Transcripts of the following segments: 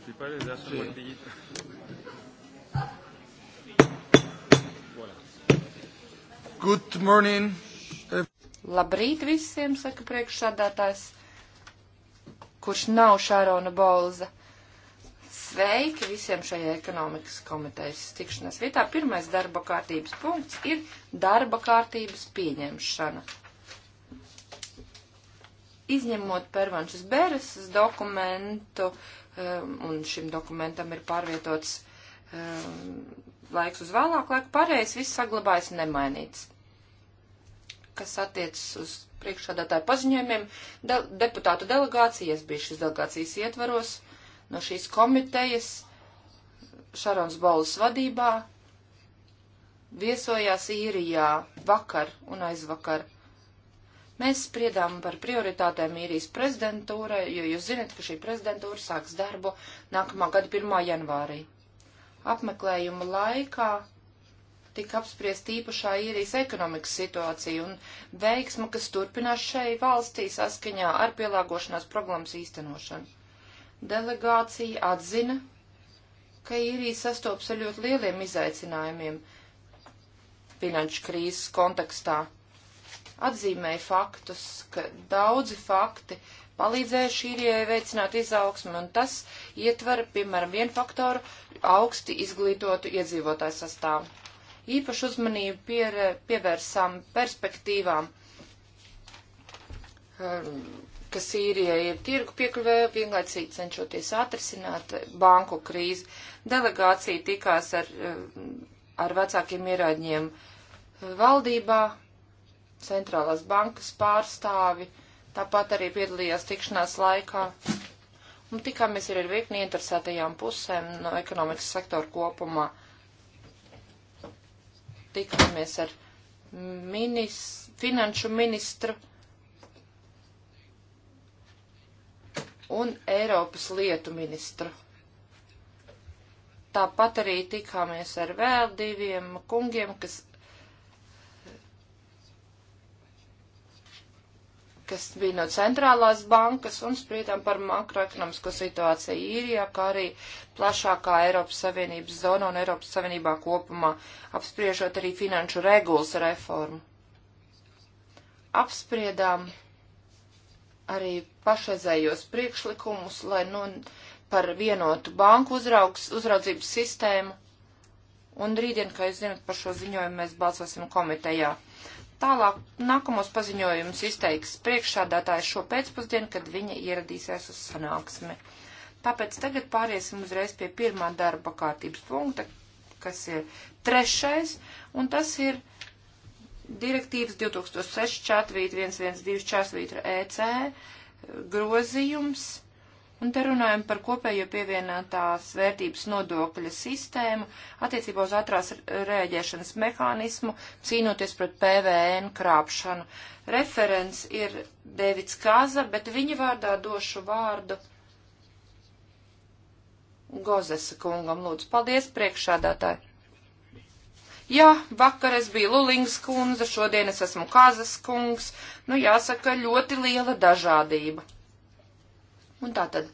principales ya son sí. martillitos. Good morning. Labrīt visiem, saka priekšsādātājs, kurš nav Šārona Bolza. Sveiki visiem šajā ekonomikas komitejas tikšanās vietā. Pirmais darba kārtības punkts ir darba kārtības pieņemšana izņemot pervanšas beres dokumentu, um, un šim dokumentam ir pārvietots um, laiks uz vēlāku laiku, pareizi viss saglabājas nemainīts. Kas attiecas uz priekšādātāju paziņojumiem, de deputātu delegācijas bija šīs delegācijas ietvaros no šīs komitejas Šarons Bolas vadībā viesojās īrijā vakar un aizvakar. Mēs spriedām par prioritātēm īrijas prezidentūrai, jo jūs zinat, ka šī prezidentūra sāks darbu nākamā gada 1. janvārī. Apmeklējuma laikā tika apspriest īpašā īrijas ekonomikas situācija un veiksma, kas turpinās šai valstī saskaņā ar pielāgošanās programmas īstenošanu. Delegācija atzina, ka īrija sastopas ar ļoti lieliem izaicinājumiem finanšu krīzes kontekstā atzīmēja faktus, ka daudzi fakti palīdzēja Šīrijai veicināt izaugsmu, un tas ietver, piemēram, vienu faktoru - augsti izglītotu iedzīvotāju sastāvu. Īpašu uzmanību pier, pievērsām perspektīvām, um, ka Sīrijai ir tirgu piekļuvē, vienlaicīgi cenšoties atrisināt banku krīzi. Delegācija tikās ar, um, ar vecākiem ierādņiem uh, valdībā, centrālās bankas pārstāvi, tāpat arī piedalījās tikšanās laikā. Un tikāmies arī ar virkni interesētajām pusēm no ekonomikas sektora kopumā. Tikāmies ar minis, finanšu ministru un Eiropas lietu ministru. Tāpat arī tikāmies ar vēl diviem kungiem, kas kas bija no centrālās bankas un spriedām par makroekonomisko situāciju īrijā, kā arī plašākā Eiropas Savienības zona un Eiropas Savienībā kopumā, apspriežot arī finanšu regulas reformu. Apspriedām arī pašreizējos priekšlikumus, lai nu par vienotu banku uzraugs, uzraudzības sistēmu. Un rītdien, kā jūs zinat, par šo ziņojumu mēs balsosim komitejā. Tālāk nākamos paziņojumus izteiks priekšsādātājs šo pēcpusdienu, kad viņa ieradīsies uz sanāksmi. Tāpēc tagad pāriesim uzreiz pie pirmā darba kārtības punkta, kas ir trešais, un tas ir direktīvas 2006 41124 EC grozījums Un te runājam par kopējo pievienotās vērtības nodokļa sistēmu attiecībā uz ātrās rēģēšanas mehānismu, cīnoties pret PVN krāpšanu. Referents ir Devits Kaza, bet viņa vārdā došu vārdu Gozesa kungam. Lūdzu, paldies priekšādātāji. Jā, vakar es biju Lulings kundze, šodien es esmu Kazas kungs. Nu, jāsaka, ļoti liela dažādība. Un tā tad.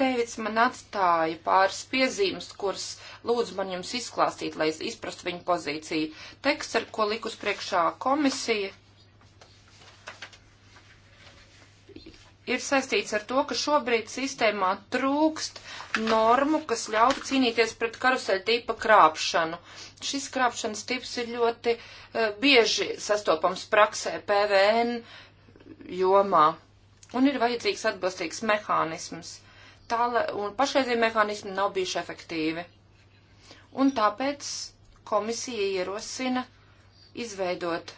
Dēvids man atstāja pāris piezīmes, kuras lūdzu man jums izklāstīt, lai izprastu viņu pozīciju. Teksts, ar ko likus priekšā komisija, ir saistīts ar to, ka šobrīd sistēmā trūkst normu, kas ļautu cīnīties pret karuseļu tipa krāpšanu. Šis krāpšanas tips ir ļoti uh, bieži sastopams praksē PVN jomā. Un ir vajadzīgs atbilstīgs mehānisms. Tā, un pašreizie mehānismi nav bijuši efektīvi. Un tāpēc komisija ierosina izveidot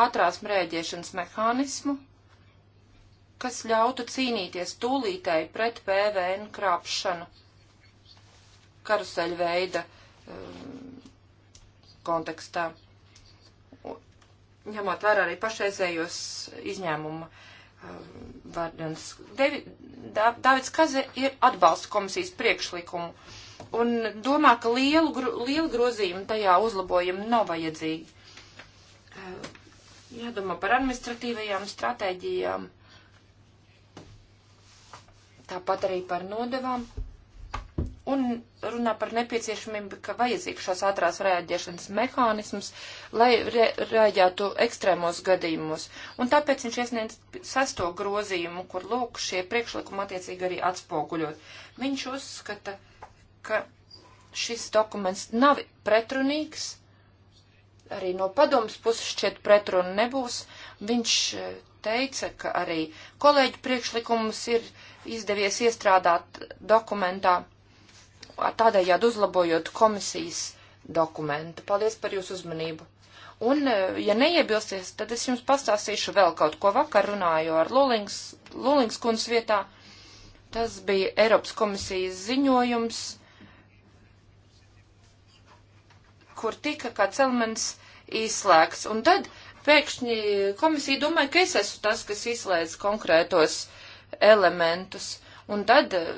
ātrās mrēģēšanas mehānismu, kas ļautu cīnīties tūlītēji pret PVN krāpšanu karuseļu veida um, kontekstā, ņemot vērā arī pašreizējos izņēmuma Vardens. Devi, Dā, Davids Kaze ir atbalsta komisijas priekšlikumu un domā, ka lielu, lielu grozījumu tajā uzlabojumu nav vajadzīgi. Eh, jādomā par administratīvajām stratēģijām, tāpat arī par nodevām un runā par nepieciešamību, ka vajadzīgs šos ātrās reaģēšanas mehānismus, lai re reaģētu ekstrēmos gadījumos. Un tāpēc viņš iesniedz sesto grozījumu, kur lūk šie priekšlikumi attiecīgi arī atspoguļot. Viņš uzskata, ka šis dokuments nav pretrunīgs, arī no padomas puses šķiet pretruna nebūs. Viņš e, teica, ka arī kolēģi priekšlikumus ir izdevies iestrādāt dokumentā tādējādi uzlabojot komisijas dokumentu. Paldies par jūsu uzmanību. Un, e, ja neiebilsties, tad es jums pastāstīšu vēl kaut ko. Vakar runāju ar Lulings, Lulings kundas vietā. Tas bija Eiropas komisijas ziņojums, kur tika kāds elements izslēgts. Un tad pēkšņi komisija domāja, ka es esmu tas, kas izslēdz konkrētos elementus. Uh, Un tad eh,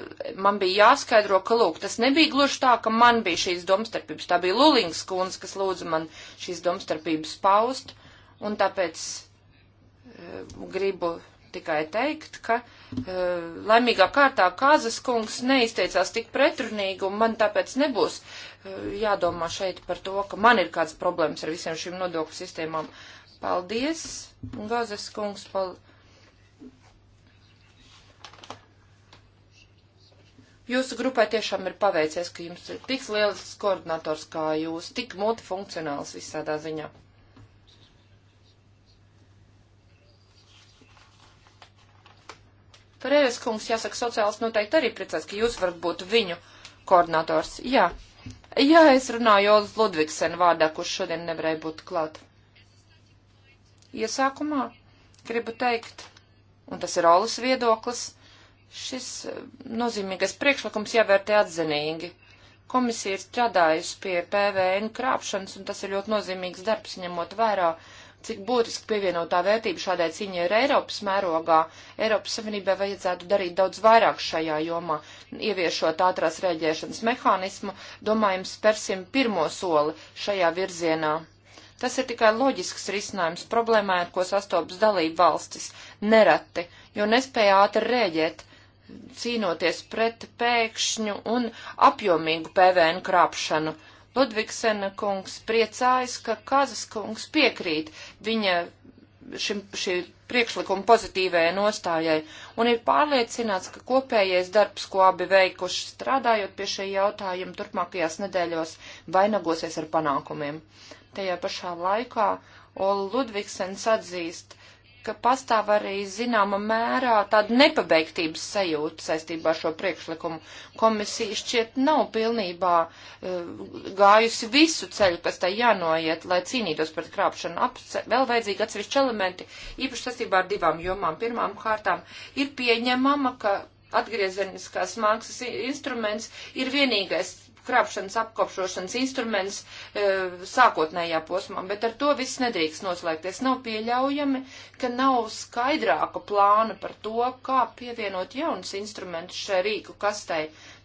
man bija jāskaidro, ka, lūk, tas nebija gluži tā, ka man bija šīs domstarpības. Tā bija Lulings kundze, kas lūdza man šīs domstarpības paust. Un tāpēc e, gribu tikai teikt, ka e, laimīgā kārtā Kāzas kungs neizteicās tik pretrunīgi, un man tāpēc nebūs e, jādomā šeit par to, ka man ir kādas problēmas ar visiem šīm nodokļu sistēmām. Paldies, Gazas kungs, paldies. Jūsu grupai tiešām ir paveicies, ka jums ir tik liels koordinators kā jūs, tik multifunkcionāls visādā ziņā. Pareiz, kungs, jāsaka, sociāls noteikti arī priecās, ka jūs varat būt viņu koordinators. Jā. Jā, es runāju Olas Ludvigsen vārdā, kurš šodien nevarēja būt klāt. Iesākumā gribu teikt, un tas ir Olas viedoklis Šis eh, nozīmīgais priekšlikums jāvērtē atzinīgi. Komisija ir strādājusi pie PVN krāpšanas, un tas ir ļoti nozīmīgs darbs, ņemot vērā, cik būtiski pievienotā vērtība šādai cīņai ir Eiropas mērogā. Eiropas Savienībai vajadzētu darīt daudz vairāk šajā jomā, ieviešot ātrās rēģēšanas mehānismu, domājam, spērsim pirmo soli šajā virzienā. Tas ir tikai loģisks risinājums problēmai, ar ko sastopas dalību valstis nereti, jo nespēja ātri rēģēt cīnoties pret pēkšņu un apjomīgu PVN krāpšanu. Ludvigsena kungs priecājas, ka Kazas kungs piekrīt viņa šim, šī priekšlikuma pozitīvajai nostājai un ir pārliecināts, ka kopējais darbs, ko abi veikuši strādājot pie šī jautājuma turpmākajās nedēļos, vainagosies ar panākumiem. Tajā pašā laikā Ola Ludvigsens atzīst, ka pastāv arī zināma mērā tāda nepabeigtības sajūta saistībā ar šo priekšlikumu. Komisija šķiet nav pilnībā uh, gājusi visu ceļu, kas tai jānoiet, lai cīnītos pret krāpšanu. Apse vēl vajadzīgi atsevišķi elementi, īpaši saistībā ar divām jomām. Pirmām kārtām ir pieņemama, ka atgriezeniskās mākslas instruments ir vienīgais krāpšanas apkopšošanas instruments e, sākotnējā posmā, bet ar to viss nedrīkst noslēgties. Nav pieļaujami, ka nav skaidrāka plāna par to, kā pievienot jaunus instrumentus šai rīku kastai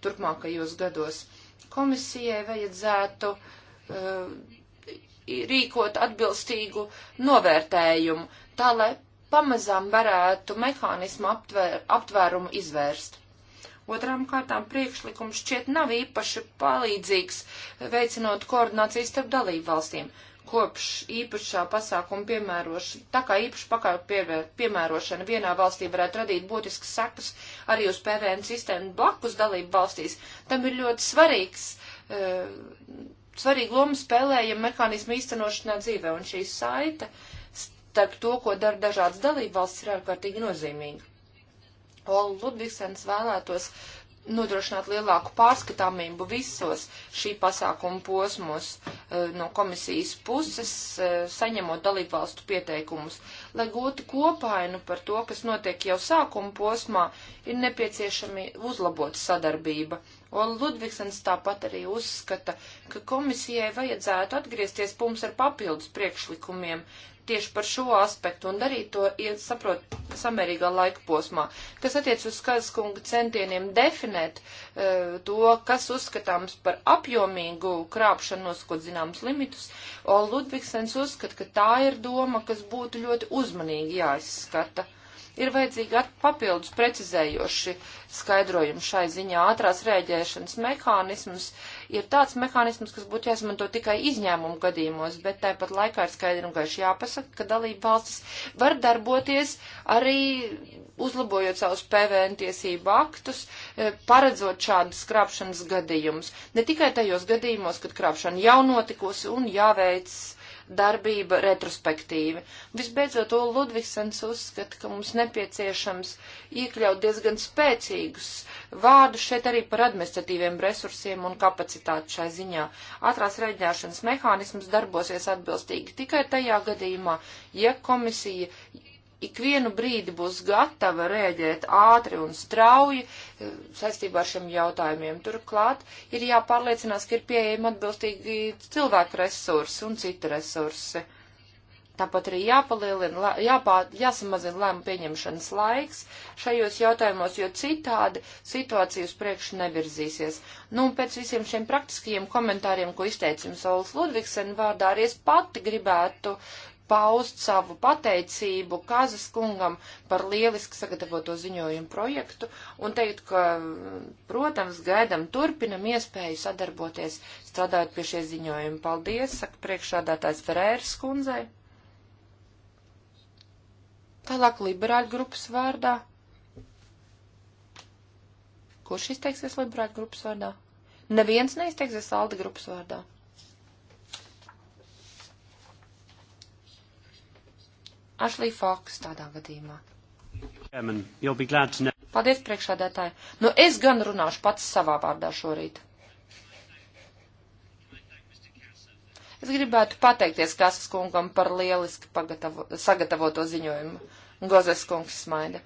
turpmākajos gados. Komisijai vajadzētu e, rīkot atbilstīgu novērtējumu, tā lai pamazām varētu mehānismu aptvēr, aptvērumu izvērst Otrām kārtām priekšlikums šķiet nav īpaši palīdzīgs veicinot koordināciju starp dalību valstīm. Kopš īpašā pasākuma piemērošana, tā kā īpaša pakāpju piemērošana vienā valstī varētu radīt būtiskas sekas arī uz PVN sistēmu blakus dalību valstīs, tam ir ļoti svarīgs, e, svarīga loma spēlēja mehānismu īstenošanā dzīvē, un šī saita starp to, ko dara dažādas dalību valstis, ir ārkārtīgi nozīmīga. Pola Ludvigsens vēlētos nodrošināt lielāku pārskatāmību visos šī pasākuma posmos eh, no komisijas puses, eh, saņemot dalībvalstu pieteikumus. Lai gūtu kopainu par to, kas notiek jau sākuma posmā, ir nepieciešami uzlabot sadarbība. Un Ludvigsens tāpat arī uzskata, ka komisijai vajadzētu atgriezties pums ar papildus priekšlikumiem, tieši par šo aspektu un darīt to, ja saprot, samērīgā laika posmā. Kas attiec uz Kazaskunga centieniem definēt uh, to, kas uzskatāms par apjomīgu krāpšanu, nosakot zināmus limitus, O Ludvigsens uzskata, ka tā ir doma, kas būtu ļoti uzmanīgi jāizskata. Ir vajadzīgi papildus precizējoši skaidrojumi šai ziņā ātrās rēģēšanas mehānismus, uh, ir tāds mehānisms, kas būtu jāizmanto tikai izņēmumu gadījumos, bet tāpat laikā ir skaidri un gaiši jāpasaka, ka dalība valstis var darboties arī uzlabojot savus PVN tiesību aktus, e, paredzot šādas krāpšanas gadījumus. Ne tikai tajos gadījumos, kad krāpšana jau notikusi un jāveic darbība retrospektīvi. Visbeidzot, to Ludvigsens uzskata, ka mums nepieciešams iekļaut diezgan spēcīgus vārdus šeit arī par administratīviem resursiem un kapacitāti šai ziņā. Ātrās reģināšanas mehānisms darbosies atbilstīgi tikai tajā gadījumā, ja komisija ikvienu brīdi būs gatava rēģēt ātri un strauji eh, saistībā ar šiem jautājumiem. Turklāt ir jāpārliecinās, ka ir pieejami atbilstīgi cilvēku resursi un citi resursi. Tāpat arī jāpalielina, jāpā, jāsamazina lēmu pieņemšanas laiks šajos jautājumos, jo citādi situācija uz priekšu nevirzīsies. Nu, un pēc visiem šiem praktiskajiem komentāriem, ko izteicam Saules Ludvigsen vārdā, arī es pati gribētu paust savu pateicību Kazas kungam par lieliski sagatavoto ziņojumu projektu un teikt, ka, protams, gaidam, turpinam iespēju sadarboties, strādājot pie šie ziņojumi. Paldies, saka priekšādātājs Ferēras kundzei. Tālāk liberāļu grupas vārdā. Kurš izteiksies liberāļu grupas vārdā? Neviens neizteiksies Alda grupas vārdā. Ashley Fox tādā gadījumā. Paldies, priekšādētāji. Nu, es gan runāšu pats savā vārdā šorīt. Es gribētu pateikties Kasas kungam par lieliski pagatavo, sagatavoto ziņojumu. Gozes kungs smaida.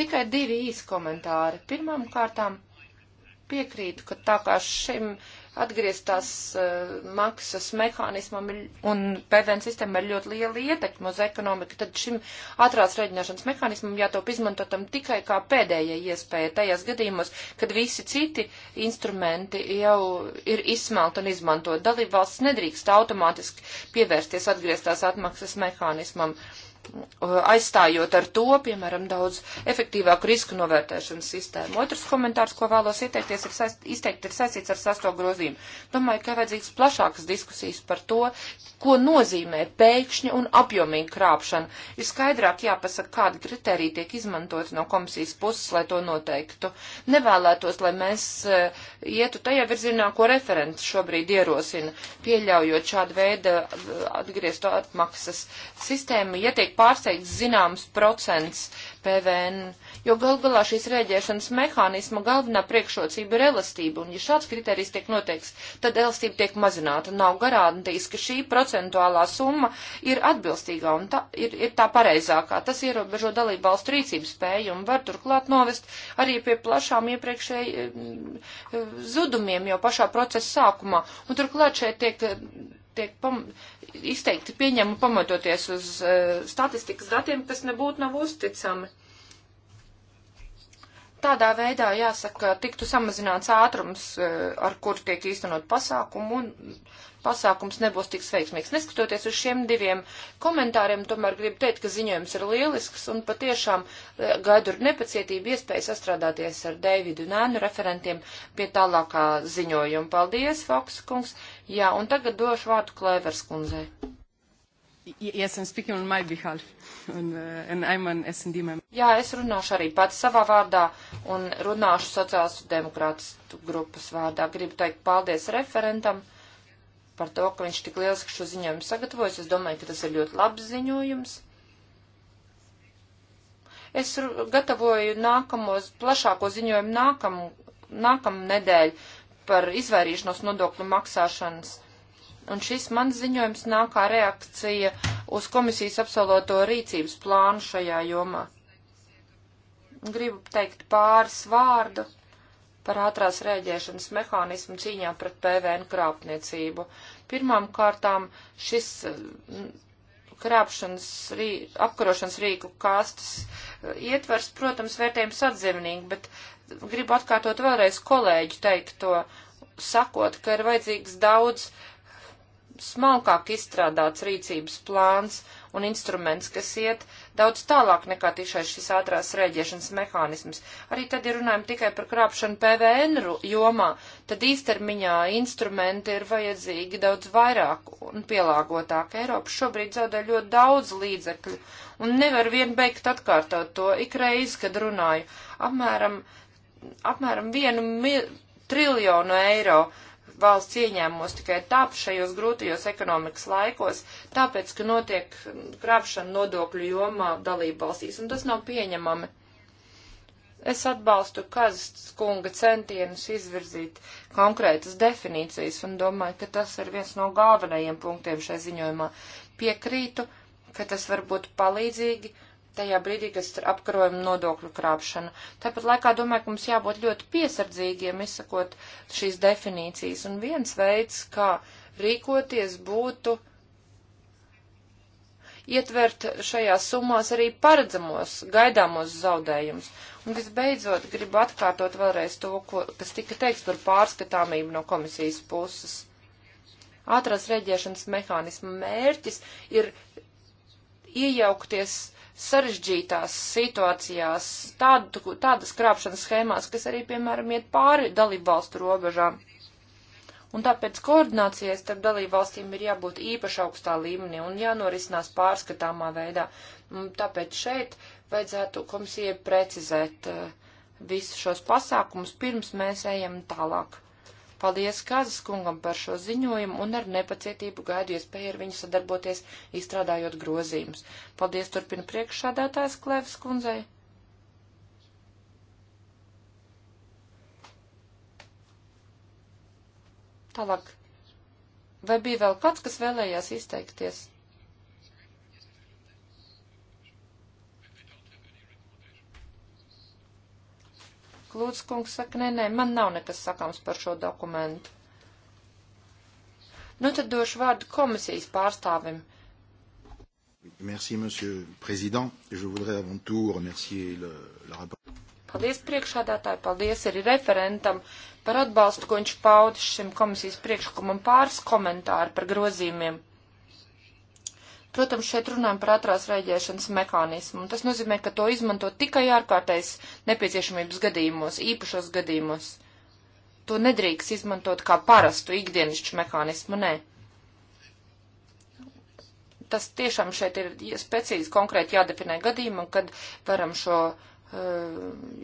Tikai divi īsi komentāri. Pirmām kārtām piekrītu, ka tā kā šim atgrieztās uh, maksas mehānismam un PVN sistēmai ir ļoti liela ietekme uz ekonomiku, tad šim ātrās rēģināšanas mehānismam jātop izmantotam tikai kā pēdējai iespēja tajās gadījumos, kad visi citi instrumenti jau ir izsmelti un izmantoti. Dalībvalsts nedrīkst automātiski pievērsties atgrieztās atmaksas mehānismam. Uh, Uh, aizstājot ar to, piemēram, daudz efektīvāku risku novērtēšanas sistēmu. Otrs komentārs, ko vēlos ieteikties, ir, saist, izteikt, ir saistīts ar sasto grozījumu. Domāju, ka vajadzīgs plašākas diskusijas par to, ko nozīmē pēkšņa un apjomīga krāpšana. Ir skaidrāk jāpasaka, kādi kriteriji tiek izmantoti no komisijas puses, lai to noteiktu. Nevēlētos, lai mēs uh, ietu tajā virzienā, ko referents šobrīd ierosina, pieļaujot šādu veidu uh, atgriezto atmaksas sistēmu, ieteikt pārsteigts zināms procents PVN, jo gal galā šīs rēģēšanas mehānisma galvenā priekšrocība ir elastība, un ja šāds kriterijs tiek noteikts, tad elastība tiek mazināta. Nav garantijas, ka šī procentuālā summa ir atbilstīgā un tā, ir, ir tā pareizākā. Tas ierobežo dalību valstu rīcības spēju un var turklāt novest arī pie plašām iepriekšēji mm, zudumiem jau pašā procesa sākumā. Un turklāt šeit tiek tiek pam, izteikti pieņemu pamatoties uz uh, statistikas datiem, kas nebūtu nav uzticami. Tādā veidā, jāsaka, tiktu samazināts ātrums, uh, ar kur tiek īstenot pasākumu, un pasākums nebūs tik veiksmīgs. Neskatoties uz šiem diviem komentāriem, tomēr gribu teikt, ka ziņojums ir lielisks, un patiešām uh, gaidu ar nepacietību iespēju sastrādāties ar Deividu un Ēnu referentiem pie tālākā ziņojuma. Paldies, Foksa kungs! Jā, un tagad došu vārdu Klēvers kundzei. Yes, I'm speaking on my behalf, and, uh, and I'm an S&D member. Jā, es runāšu arī pats savā vārdā un runāšu sociālistu demokrātu grupas vārdā. Gribu teikt paldies referentam par to, ka viņš tik lieliski šo ziņojumu sagatavojas. Es domāju, ka tas ir ļoti labs ziņojums. Es gatavoju nākamos, plašāko ziņojumu nākam, nākam nedēļu par izvairīšanos nodokļu maksāšanas. Un šis mans ziņojums nāk kā reakcija uz komisijas apsoloto rīcības plānu šajā jomā. Gribu teikt pāris vārdu par ātrās rēģēšanas mehānismu cīņā pret PVN krāpniecību. Pirmām kārtām šis krāpšanas, rī, apkarošanas rīku kastes e, ietvers, protams, vērtējums atzemnīgi, bet gribu atkārtot vēlreiz kolēģi teikt to, sakot, ka ir vajadzīgs daudz smalkāk izstrādāts rīcības plāns un instruments, kas iet uh, daudz tālāk nekā tiešais šis ātrās rēģēšanas mehānisms. Arī tad, ja runājam tikai par krāpšanu PVN jomā, tad īstermiņā instrumenti ir vajadzīgi daudz vairāk un pielāgotāk. Eiropa šobrīd zaudē ļoti daudz līdzekļu un nevar vien beigt atkārtot to ikreiz, kad runāju. Apmēram, apmēram vienu triljonu eiro valsts ieņēmumos tikai tāp šajos grūtajos ekonomikas laikos, tāpēc, ka notiek krāpšana nodokļu jomā dalību valstīs, un tas nav pieņemami. Es atbalstu Kazas kunga centienus izvirzīt konkrētas definīcijas un domāju, ka tas ir viens no galvenajiem punktiem šai ziņojumā. Piekrītu, ka tas var būt palīdzīgi tajā brīdī, kad apkarojam nodokļu krāpšanu. Tāpat laikā domāju, ka mums jābūt ļoti piesardzīgiem, izsakot šīs definīcijas. Un viens veids, kā rīkoties, būtu ietvert šajās summās arī paredzamos, gaidāmos zaudējumus. Un visbeidzot, gribu atkārtot vēlreiz to, ko, kas tika teikts par pārskatāmību no komisijas puses. Ātrās reģēšanas mehānisma mērķis ir iejaukties sarežģītās situācijās, tādu, tādas krāpšanas schēmās, kas arī, piemēram, iet pāri dalību valstu robežām. Un tāpēc koordinācijai starp dalību valstīm ir jābūt īpaši augstā līmenī un jānorisinās pārskatāmā veidā. Un tāpēc šeit vajadzētu komisijai precizēt uh, visus šos pasākumus, pirms mēs ejam tālāk. Paldies Kazas kungam par šo ziņojumu un ar nepacietību gaidu iespēju ar viņu sadarboties, izstrādājot grozījumus. Paldies turpina priekšsādātājs Klevs kundzei. Tālāk. Vai bija vēl kāds, kas vēlējās izteikties? Lūdzu, kungs saka, nē, nē, man nav nekas sakāms par šo dokumentu. Nu, tad došu vārdu komisijas pārstāvim. Merci, monsieur président. Je voudrais avant tout remercier le, le rapport. Paldies priekšādātāji, paldies arī referentam par atbalstu, ko viņš paudis šim komisijas priekšlikumam pāris komentāri par grozījumiem. Protams, šeit runājam par ātrās rēģēšanas mehānismu, un tas nozīmē, ka to izmanto tikai ārkārtais nepieciešamības gadījumos, īpašos gadījumos. To nedrīkst izmantot kā parastu ikdienišķu mehānismu, nē. Tas tiešām šeit ir precīzi konkrēti jādefinē gadījumu, kad varam šo uh,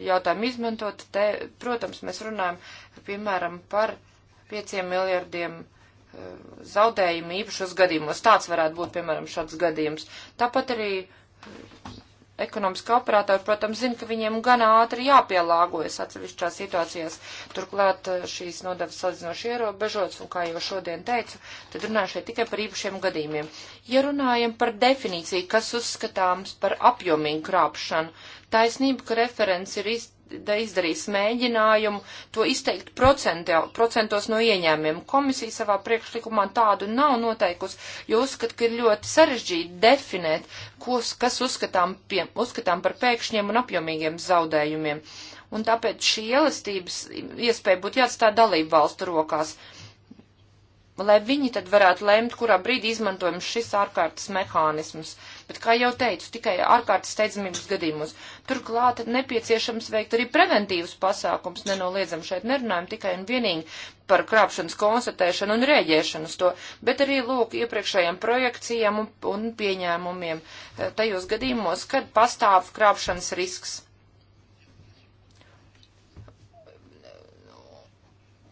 jautājumu izmantot. Te, protams, mēs runājam, piemēram, par 5 miljardiem uh, Eh, zaudējumi īpašos gadījumos. Tāds varētu būt, piemēram, šāds gadījums. Tāpat arī eh, ekonomiskā operatori, protams, zina, ka viņiem gan ātri jāpielāgojas atsevišķās situācijās. Turklāt eh, šīs nodevas salīdzinoši ierobežots, un kā jau šodien teicu, tad runāju šeit tikai par īpašiem gadījumiem. Ja runājam par definīciju, kas uzskatāms par apjomīgu krāpšanu, taisnība, ka referents ir iz, izdarījis mēģinājumu to izteikt procenti, procentos no ieņēmiem. Komisija savā priekšlikumā tādu nav noteikusi, jo uzskat, ka ir ļoti sarežģīti definēt, kos, kas uzskatām, pie, uzskatām par pēkšņiem un apjomīgiem zaudējumiem. Un tāpēc šī elastības iespēja būtu jāatstāja dalību valstu rokās lai viņi tad varētu lemt, kurā brīdī izmantojams šis ārkārtas mehānisms. Uh, bet, kā jau teicu, tikai ārkārtas steidzamības gadījumos. Turklāt nepieciešams veikt arī preventīvus pasākums, nenoliedzam šeit nerunājam tikai un vienīgi par krāpšanas konstatēšanu un rēģēšanu uz to, bet arī lūk iepriekšējām projekcijām un, un pieņēmumiem eh, tajos gadījumos, kad pastāv krāpšanas risks.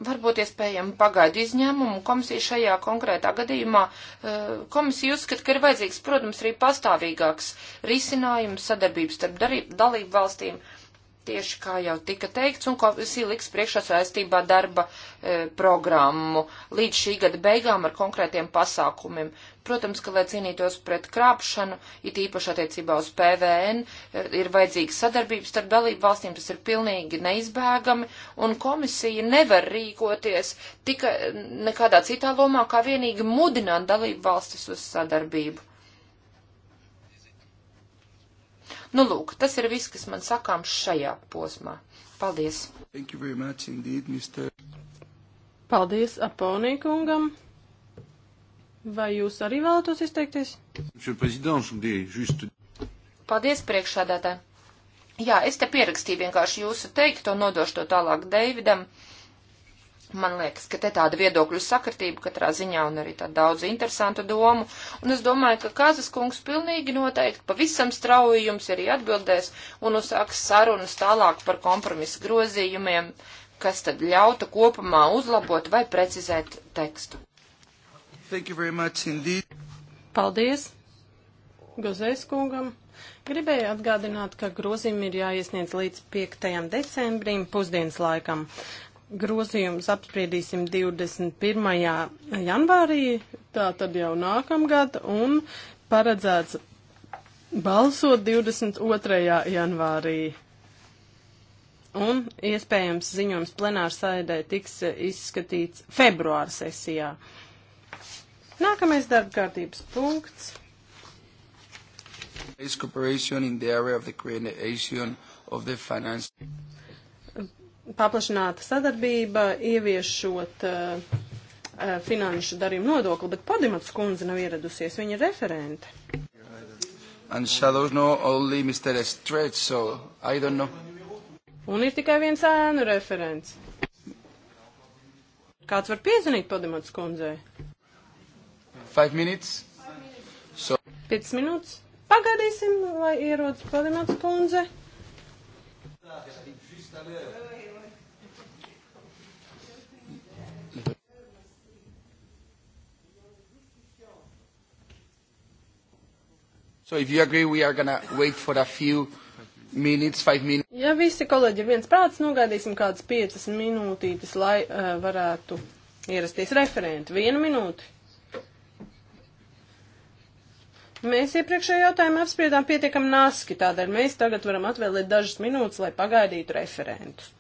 varbūt iespējami pagaidu izņēmumu, un komisija šajā konkrētā gadījumā, eh, komisija uzskata, ka ir vajadzīgs, protams, arī pastāvīgāks risinājums sadarbības starp darību, dalību valstīm, tieši kā jau tika teikts, un komisija liks priekšā saistībā darba e, programmu līdz šī gada beigām ar konkrētiem pasākumiem. Protams, ka, lai cīnītos pret krāpšanu, it īpaši attiecībā uz PVN, ir vajadzīga sadarbība starp dalību valstīm, tas ir pilnīgi neizbēgami, un komisija nevar rīkoties tikai nekādā citā lomā, kā vienīgi mudināt dalību valstis uz sadarbību. Nu, lūk, tas ir viss, kas man sakāms šajā posmā. Paldies! Indeed, Paldies Aponī kungam! Vai jūs arī vēlētos izteikties? Paldies, priekšsādātā. Jā, es te pierakstīju vienkārši jūsu teikto, nodošu to tālāk Deividam. Man liekas, ka te tāda viedokļu sakritība katrā ziņā un arī tāda daudz interesanta domu. Un es domāju, ka Kazas kungs pilnīgi noteikti pavisam strauji jums arī atbildēs un uzsāks sarunas tālāk par kompromisu grozījumiem, kas tad ļautu kopumā uzlabot vai precizēt tekstu. Thank you very much indeed. Paldies Gozēs kungam. Gribēju atgādināt, ka grozījumi ir jāiesniedz līdz 5. decembrim pusdienas laikam. Grozījumus apspriedīsim 21. janvārī, tā tad jau nākamgad, un paredzēts balsot 22. janvārī. Un iespējams ziņojums plenārsēdē tiks izskatīts februāra sesijā. Nākamais darba kārtības punkts. Cooperation in the area of the creation of the finance. Paplašināta sadarbība, ieviešot uh, uh, finanšu darījumu nodokli, bet Padimats kundze nav ieradusies, viņa ir referente. And shadows know only Mr. Stretch, so I don't know. Un ir tikai viens ēnu referents. Kāds var piezvanīt Padimats kundzei? Five minutes. So. 5 minūtes. Pagaidīsim, lai ierodas Palimats kundze. So if you agree, we are gonna wait for a few minutes, five minutes. Ja visi kolēģi ir viens prāts, nogādīsim kādas piecas minūtītes, lai uh, varētu ierasties referenti. Vienu minūti. Mēs iepriekšējā jautājumā apspriedām pietiekam naski, tādēļ mēs tagad varam atvēlēt dažas minūtes, lai pagaidītu referentus.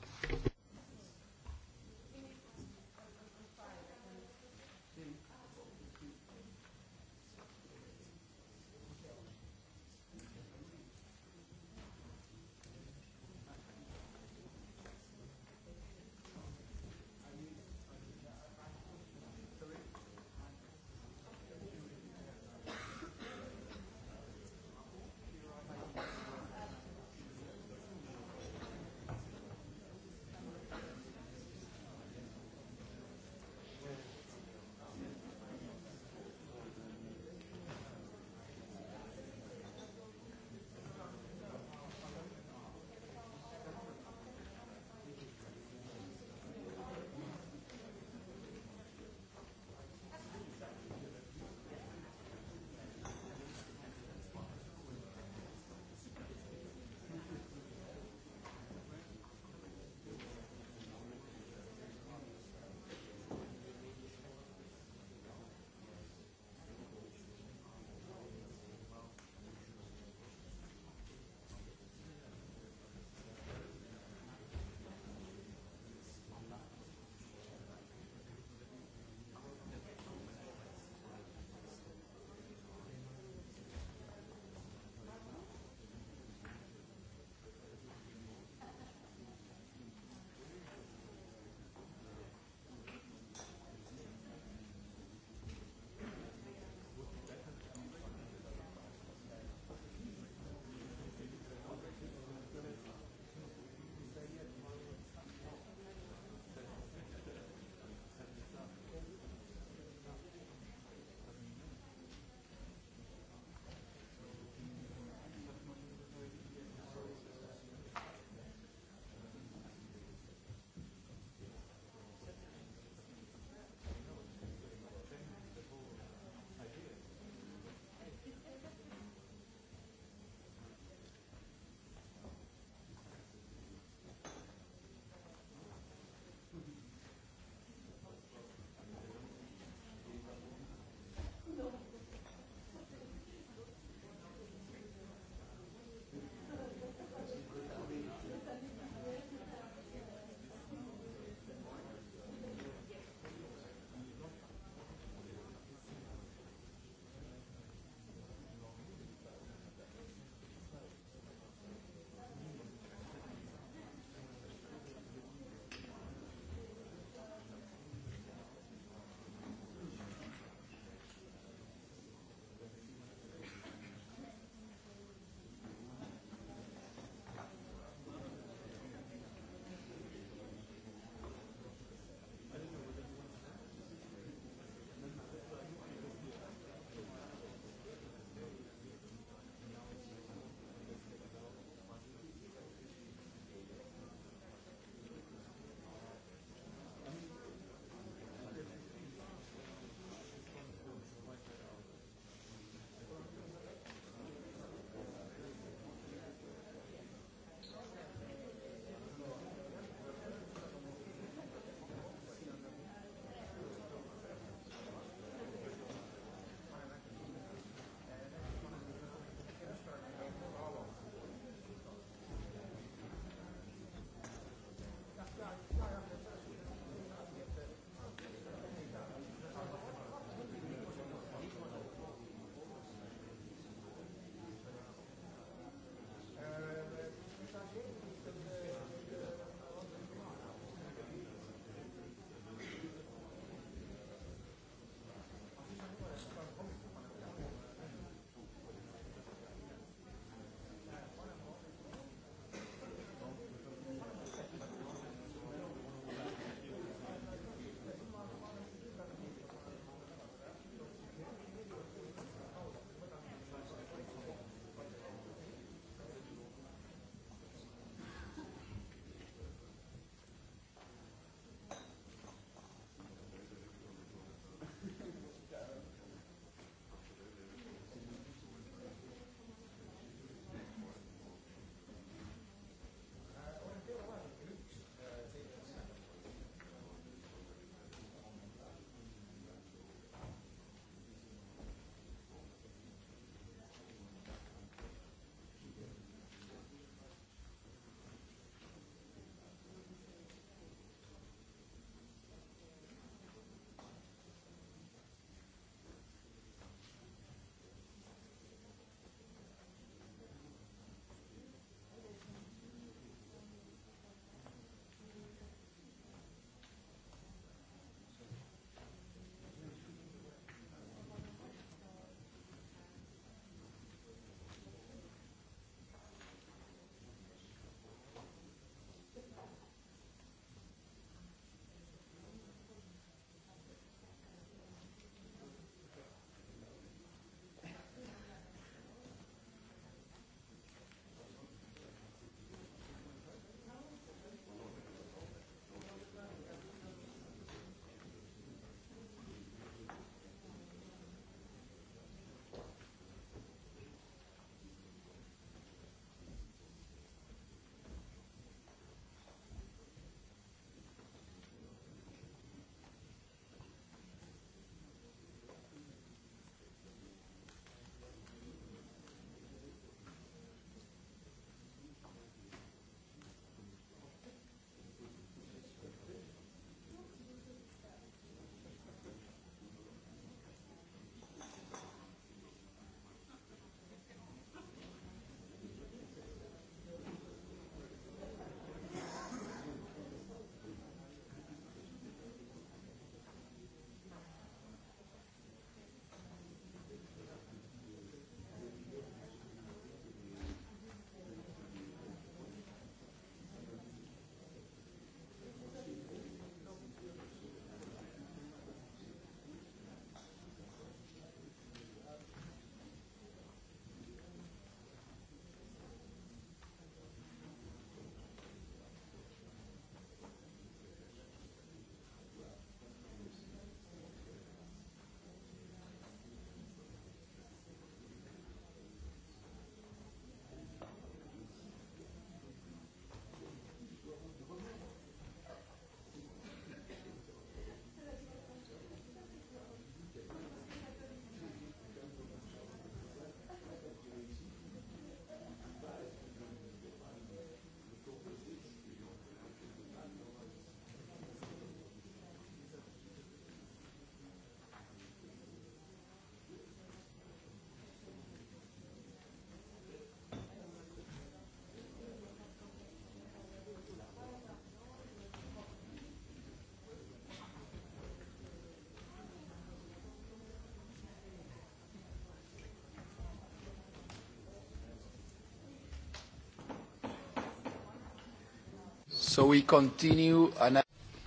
So we continue and...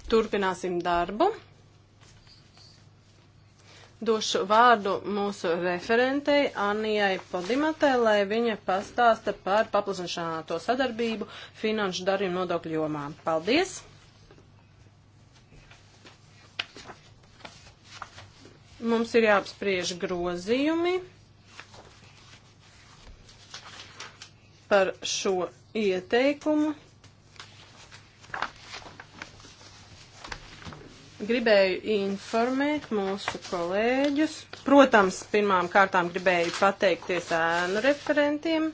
Turpināsim darbu. Došu vārdu mūsu referentei Anijai Podimatē, lai viņa pastāsta par paplašināto sadarbību finanšu darījumu nodokļu jomā. Paldies! Mums ir jāapspriež grozījumi par šo ieteikumu. gribēju informēt mūsu kolēģus. Protams, pirmām kārtām gribēju pateikties ēnu referentiem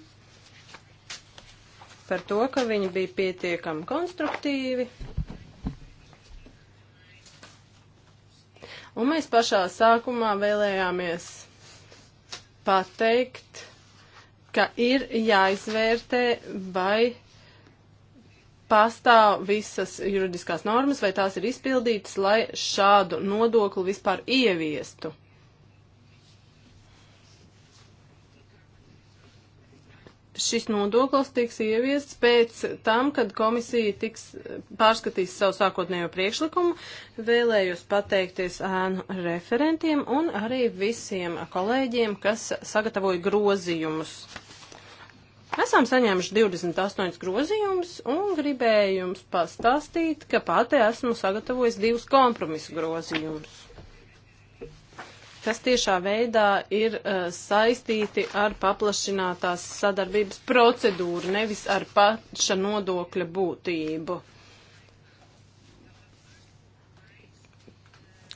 par to, ka viņi bija pietiekami konstruktīvi. Un mēs pašā sākumā vēlējāmies pateikt, ka ir jāizvērtē, vai pastāv visas juridiskās normas, vai tās ir izpildītas, lai šādu nodokli vispār ieviestu. Šis nodoklis tiks ieviests pēc tam, kad komisija tiks pārskatīs savu sākotnējo priekšlikumu. Vēlējos pateikties ēnu referentiem un arī visiem kolēģiem, kas sagatavoja grozījumus. Esam saņēmuši 28 grozījumus un gribēju jums pastāstīt, ka pati esmu sagatavojis divus kompromisu grozījumus, kas tiešā veidā ir uh, saistīti ar paplašinātās sadarbības procedūru, nevis ar paša nodokļa būtību.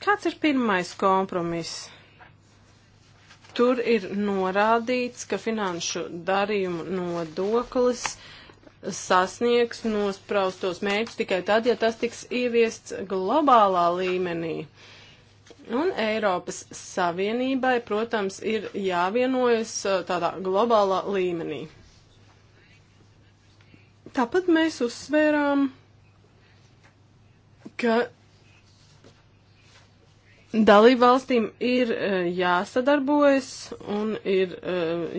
Kāds ir pirmais kompromiss? Tur ir norādīts, ka finanšu darījumu nodoklis sasniegs nospraustos mērķus tikai tad, ja tas tiks ieviests globālā līmenī. Un Eiropas Savienībai, protams, ir jāvienojas tādā globālā līmenī. Tāpat mēs uzsvērām, ka Dalībvalstīm ir e, jāsadarbojas un ir e,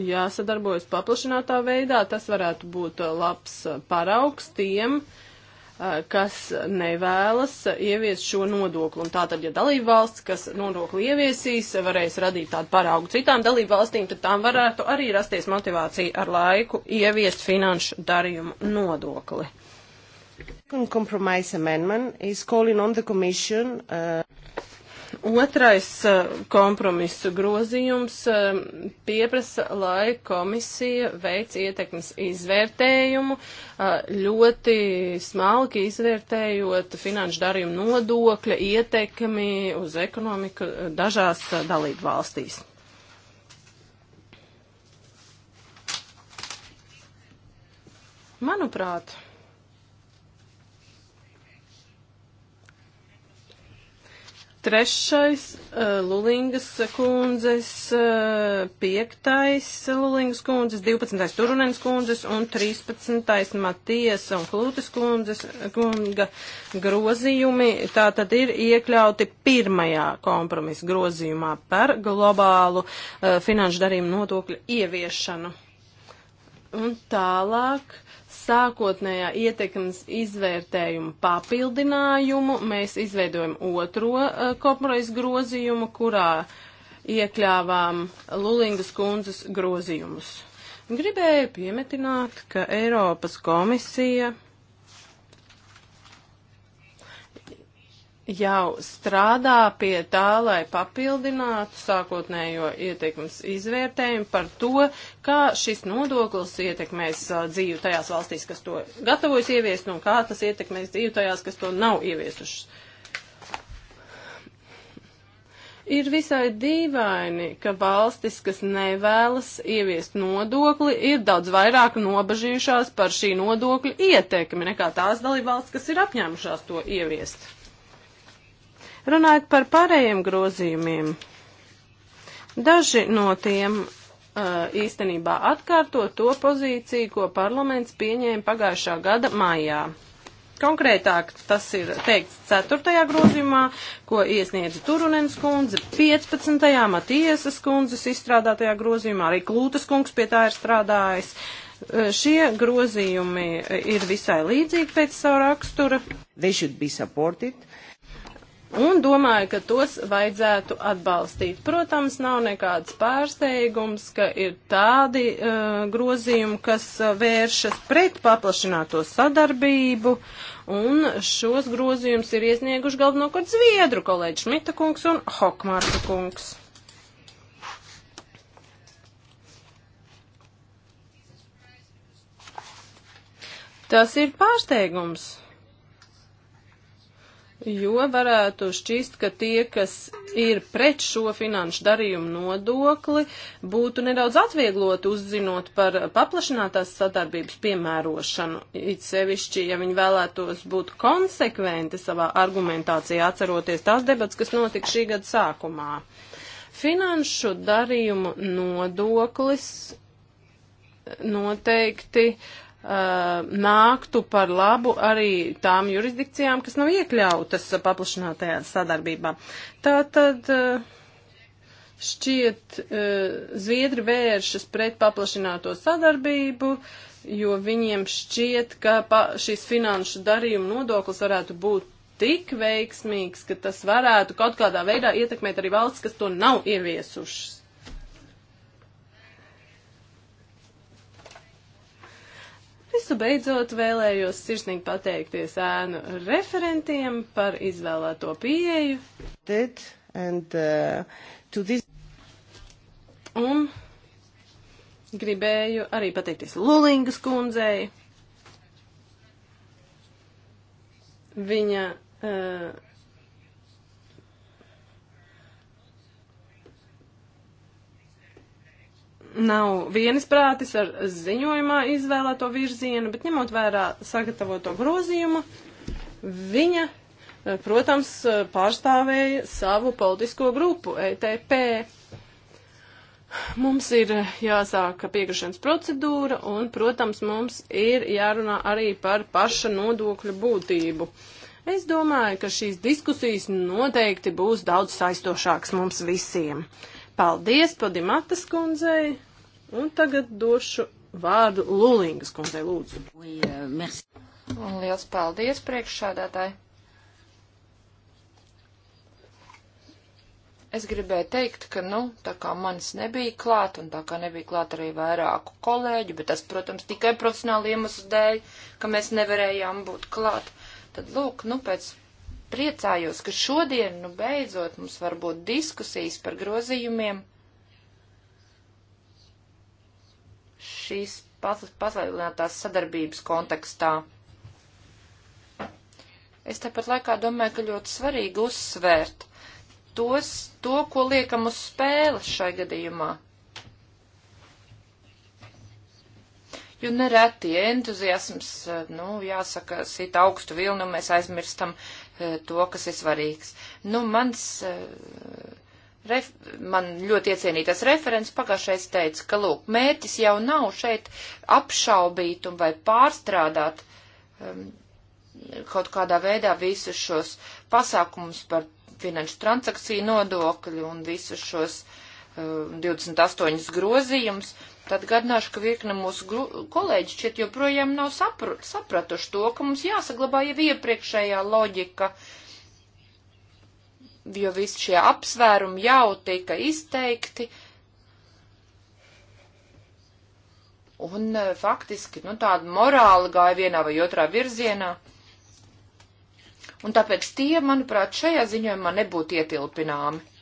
jāsadarbojas paplašinātā veidā. Tas varētu būt labs paraugs tiem, e, kas nevēlas ieviest šo nodokli. Un tātad, ja dalībvalsts, kas nodokli ieviesīs, varēs radīt tādu paraugu citām dalībvalstīm, tad tām varētu arī rasties motivācija ar laiku ieviest finanšu darījumu nodokli. Second compromise amendment is calling on the Commission uh... Otrais eh, kompromisu grozījums eh, pieprasa, lai komisija veic ietekmes izvērtējumu, eh, ļoti smalki izvērtējot finanšu darījumu nodokļa ietekmi uz ekonomiku dažās dalību valstīs. Manuprāt, Trešais eh, Lulingas kundzes, eh, piektais Lulingas kundzes, divpadsmitais Turunenes kundzes un trīspadsmitais Matiesa un Klūtes kundzes kunga grozījumi. Tā tad ir iekļauti pirmajā kompromisa grozījumā par globālu uh, finanšu darījumu nodokļu ieviešanu. Un tālāk sākotnējā ietekmes izvērtējuma papildinājumu mēs izveidojam otro uh, kompromisu grozījumu, kurā iekļāvām Lulingas kundzes grozījumus. Gribēju piemetināt, ka Eiropas komisija jau strādā pie tā, lai papildinātu sākotnējo ietekmes izvērtējumu par to, kā šis nodoklis ietekmēs uh, dzīvi tajās valstīs, kas to gatavojas ieviest, un kā tas ietekmēs dzīvi tajās, kas to nav ieviesušas. Ir visai dīvaini, ka valstis, kas nevēlas ieviest nodokli, ir daudz vairāk nobažījušās par šī nodokļa ietekmi nekā tās dalībvalstis, kas ir apņēmušās to ieviest. Runājot par pārējiem grozījumiem, daži no tiem uh, īstenībā atkārto to pozīciju, ko parlaments pieņēma pagājušā gada maijā. Konkrētāk tas ir teikts 4. grozījumā, ko iesniedza Turunens kundze, 15. matiesas kundzes izstrādātajā grozījumā, arī Klūtas kungs pie tā ir strādājis. Uh, šie grozījumi ir visai līdzīgi pēc savu rakstura. They should be supported un domāju, ka tos vajadzētu atbalstīt. Protams, nav nekāds pārsteigums, ka ir tādi uh, grozījumi, kas e, vēršas pret paplašināto sadarbību, un šos grozījumus ir iesnieguši galvenokārt Zviedru kolēģi Šmita kungs un Hokmārta kungs. Tas ir pārsteigums jo varētu šķist, ka tie, kas ir pret šo finanšu darījumu nodokli, būtu nedaudz atviegloti uzzinot par paplašinātās sadarbības piemērošanu, it sevišķi, ja viņi vēlētos būt konsekventi savā argumentācijā, atceroties tās debats, kas notika šī gada sākumā. Finanšu darījumu nodoklis noteikti uh, Uh, nāktu par labu arī tām jurisdikcijām, kas nav iekļautas paplašinātajā sadarbībā. Tā tad uh, šķiet uh, Zviedri vēršas pret paplašināto sadarbību, jo viņiem šķiet, ka šīs finanšu darījuma nodoklis varētu būt tik veiksmīgs, ka tas varētu kaut kādā veidā ietekmēt arī valsts, kas to nav ieviesušas. Visu beidzot vēlējos sirsnīgi pateikties ēnu referentiem par izvēlēto pieeju. And, uh, this... Un gribēju arī pateikties Lulingas kundzei. Viņa uh, nav vienisprātis ar ziņojumā izvēlēto virzienu, bet ņemot vērā sagatavoto grozījumu, viņa, eh, protams, eh, pārstāvēja savu politisko grupu ETP. Mums ir eh, jāsāk piekrišanas procedūra un, protams, mums ir jārunā arī par paša nodokļu būtību. Es domāju, ka šīs diskusijas noteikti būs daudz saistošākas mums visiem. Paldies Padimatas kundzei. Un tagad došu vārdu Lulīngas kundzei lūdzu. Un euh, liels paldies priekšsādātāji. Es gribēju teikt, ka, nu, tā kā manis nebija klāt, un tā kā nebija klāt arī vairāku kolēģu, bet tas, protams, tikai profesionāli iemeslu dēļ, ka mēs nevarējām būt klāt, tad, lūk, nu, pēc priecājos, ka šodien, nu, beidzot mums var būt diskusijas par grozījumiem šīs paslēlinātās sadarbības kontekstā. Es tāpat laikā domāju, ka ļoti svarīgi uzsvērt tos, to, ko liekam uz spēles šai gadījumā. jo nereti entuziasms, nu, jāsaka, sit augstu vilnu, mēs aizmirstam eh, to, kas ir svarīgs. Nu, mans eh, ref, man ļoti iecienītais referents pagājušais teica, ka, lūk, mērķis jau nav šeit apšaubīt un vai pārstrādāt um, kaut kādā veidā visus šos pasākumus par finanšu transakciju nodokļu un visus šos um, 28 grozījumus. Tad gadināšu, ka virkne mūsu kolēģi šķiet joprojām nav sapru, sapratuši to, ka mums jāsaglabā jau iepriekšējā loģika, uh, jo visi šie apsvērumi jau tika izteikti. Un e, faktiski, nu, tāda morāla gāja vienā vai otrā virzienā. Un tāpēc tie, manuprāt, šajā ziņojumā nebūtu ietilpināmi.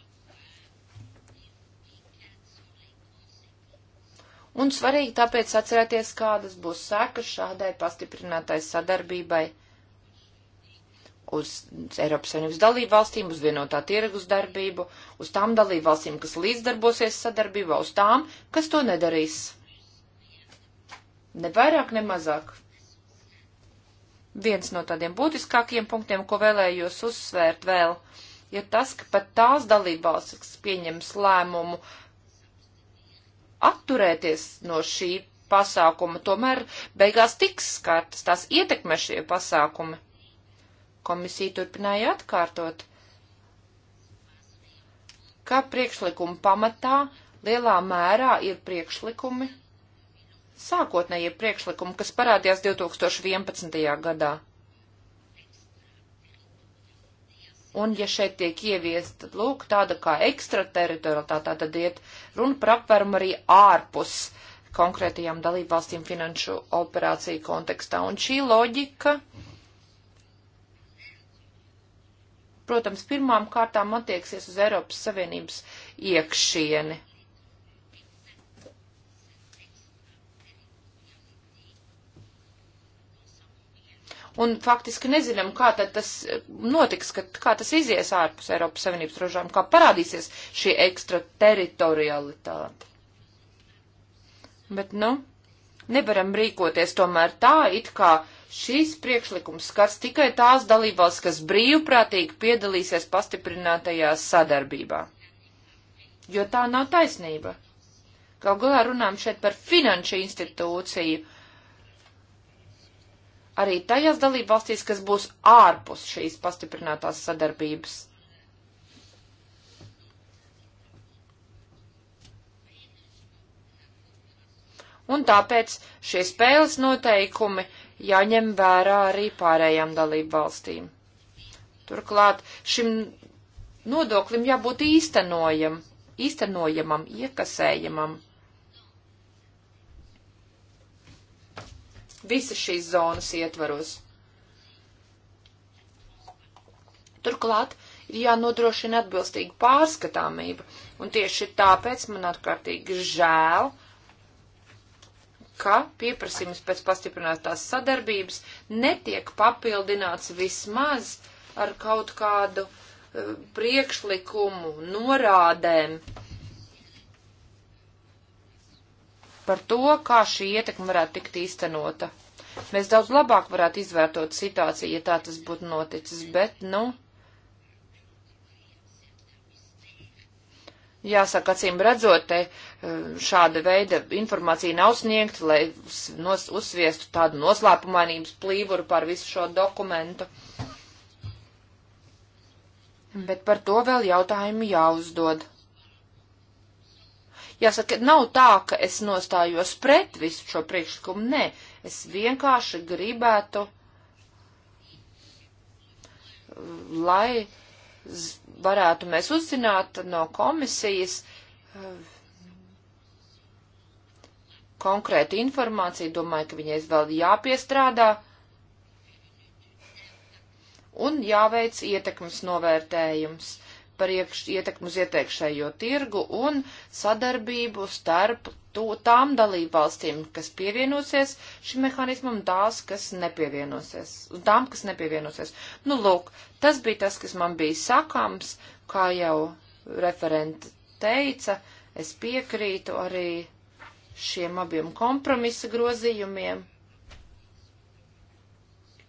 Un svarīgi tāpēc atcerēties, kādas būs sekas šādai pastiprinātai sadarbībai uz Eiropas Savienības dalību valstīm, uz vienotā tirgus darbību, uz tām dalību valstīm, kas līdzdarbosies sadarbībā, uz tām, kas to nedarīs. Ne vairāk, ne mazāk. Viens no tādiem būtiskākiem punktiem, ko vēlējos uzsvērt vēl, ir ja tas, ka pat tās dalībvalstis, kas pieņems lēmumu atturēties no šī pasākuma, tomēr beigās tiks skartas, tās ietekmē šie pasākumi. Komisija turpināja atkārtot, ka priekšlikuma pamatā lielā mērā ir priekšlikumi, sākotnējie priekšlikumi, kas parādījās 2011. gadā. Un, ja šeit tiek ieviesta, lūk, tāda kā ekstrateritorialitāte, tad iet runa par apvērumu arī ārpus konkrētajām dalībvalstīm finanšu operāciju kontekstā. Un šī loģika protams, pirmām kārtām attieksies uz Eiropas Savienības iekšieni. Un faktiski nezinām, kā tad tas notiks, kad, kā tas izies ārpus Eiropas Savienības rožām, kā parādīsies šī ekstrateritorialitāte. Bet, nu, nevaram rīkoties tomēr tā, it kā uh, Šīs priekšlikums skars tikai tās dalībvalsts, kas brīvprātīgi piedalīsies pastiprinātajā sadarbībā. Jo tā nav taisnība. Galu galā runājam šeit par finanšu institūciju. Arī tajās dalībvalstīs, kas būs ārpus šīs pastiprinātās sadarbības. Un tāpēc šie spēles noteikumi uh, jāņem vērā arī pārējām dalību valstīm. Turklāt šim nodoklim jābūt īstenojam, īstenojamam, iekasējamam. Visas šīs zonas ietvaros. Turklāt ir jānodrošina atbilstīga pārskatāmība, un tieši tāpēc man atkārtīgi žēl, ka pieprasījums pēc pastiprinātās sadarbības netiek papildināts vismaz ar kaut kādu uh, priekšlikumu, norādēm par to, kā šī ietekme varētu tikt īstenota. Mēs daudz labāk varētu izvērtot situāciju, ja tā tas būtu noticis, bet, nu, Jāsaka, acīm redzot, te e, šāda veida informācija nav sniegta, lai nos, uzsviestu tādu noslēpumainības plīvuru par visu šo dokumentu. Bet par to vēl jautājumu jāuzdod. Jāsaka, nav tā, ka es nostājos pret visu šo priekšlikumu, nē, es vienkārši gribētu, lai varētu mēs uzzināt no komisijas eh, konkrētu informāciju. Domāju, ka viņai vēl jāpiestrādā un jāveic ietekmes novērtējums par iekš, ietekmu uz ieteikšējo tirgu un sadarbību starp to, tām dalībvalstīm, kas pievienosies šim mehānismam, tās, kas nepievienosies, un tām, kas nepievienosies. Nu, lūk, tas bija tas, kas man bija sakāms, kā jau referenta teica, es piekrītu arī šiem abiem kompromisa grozījumiem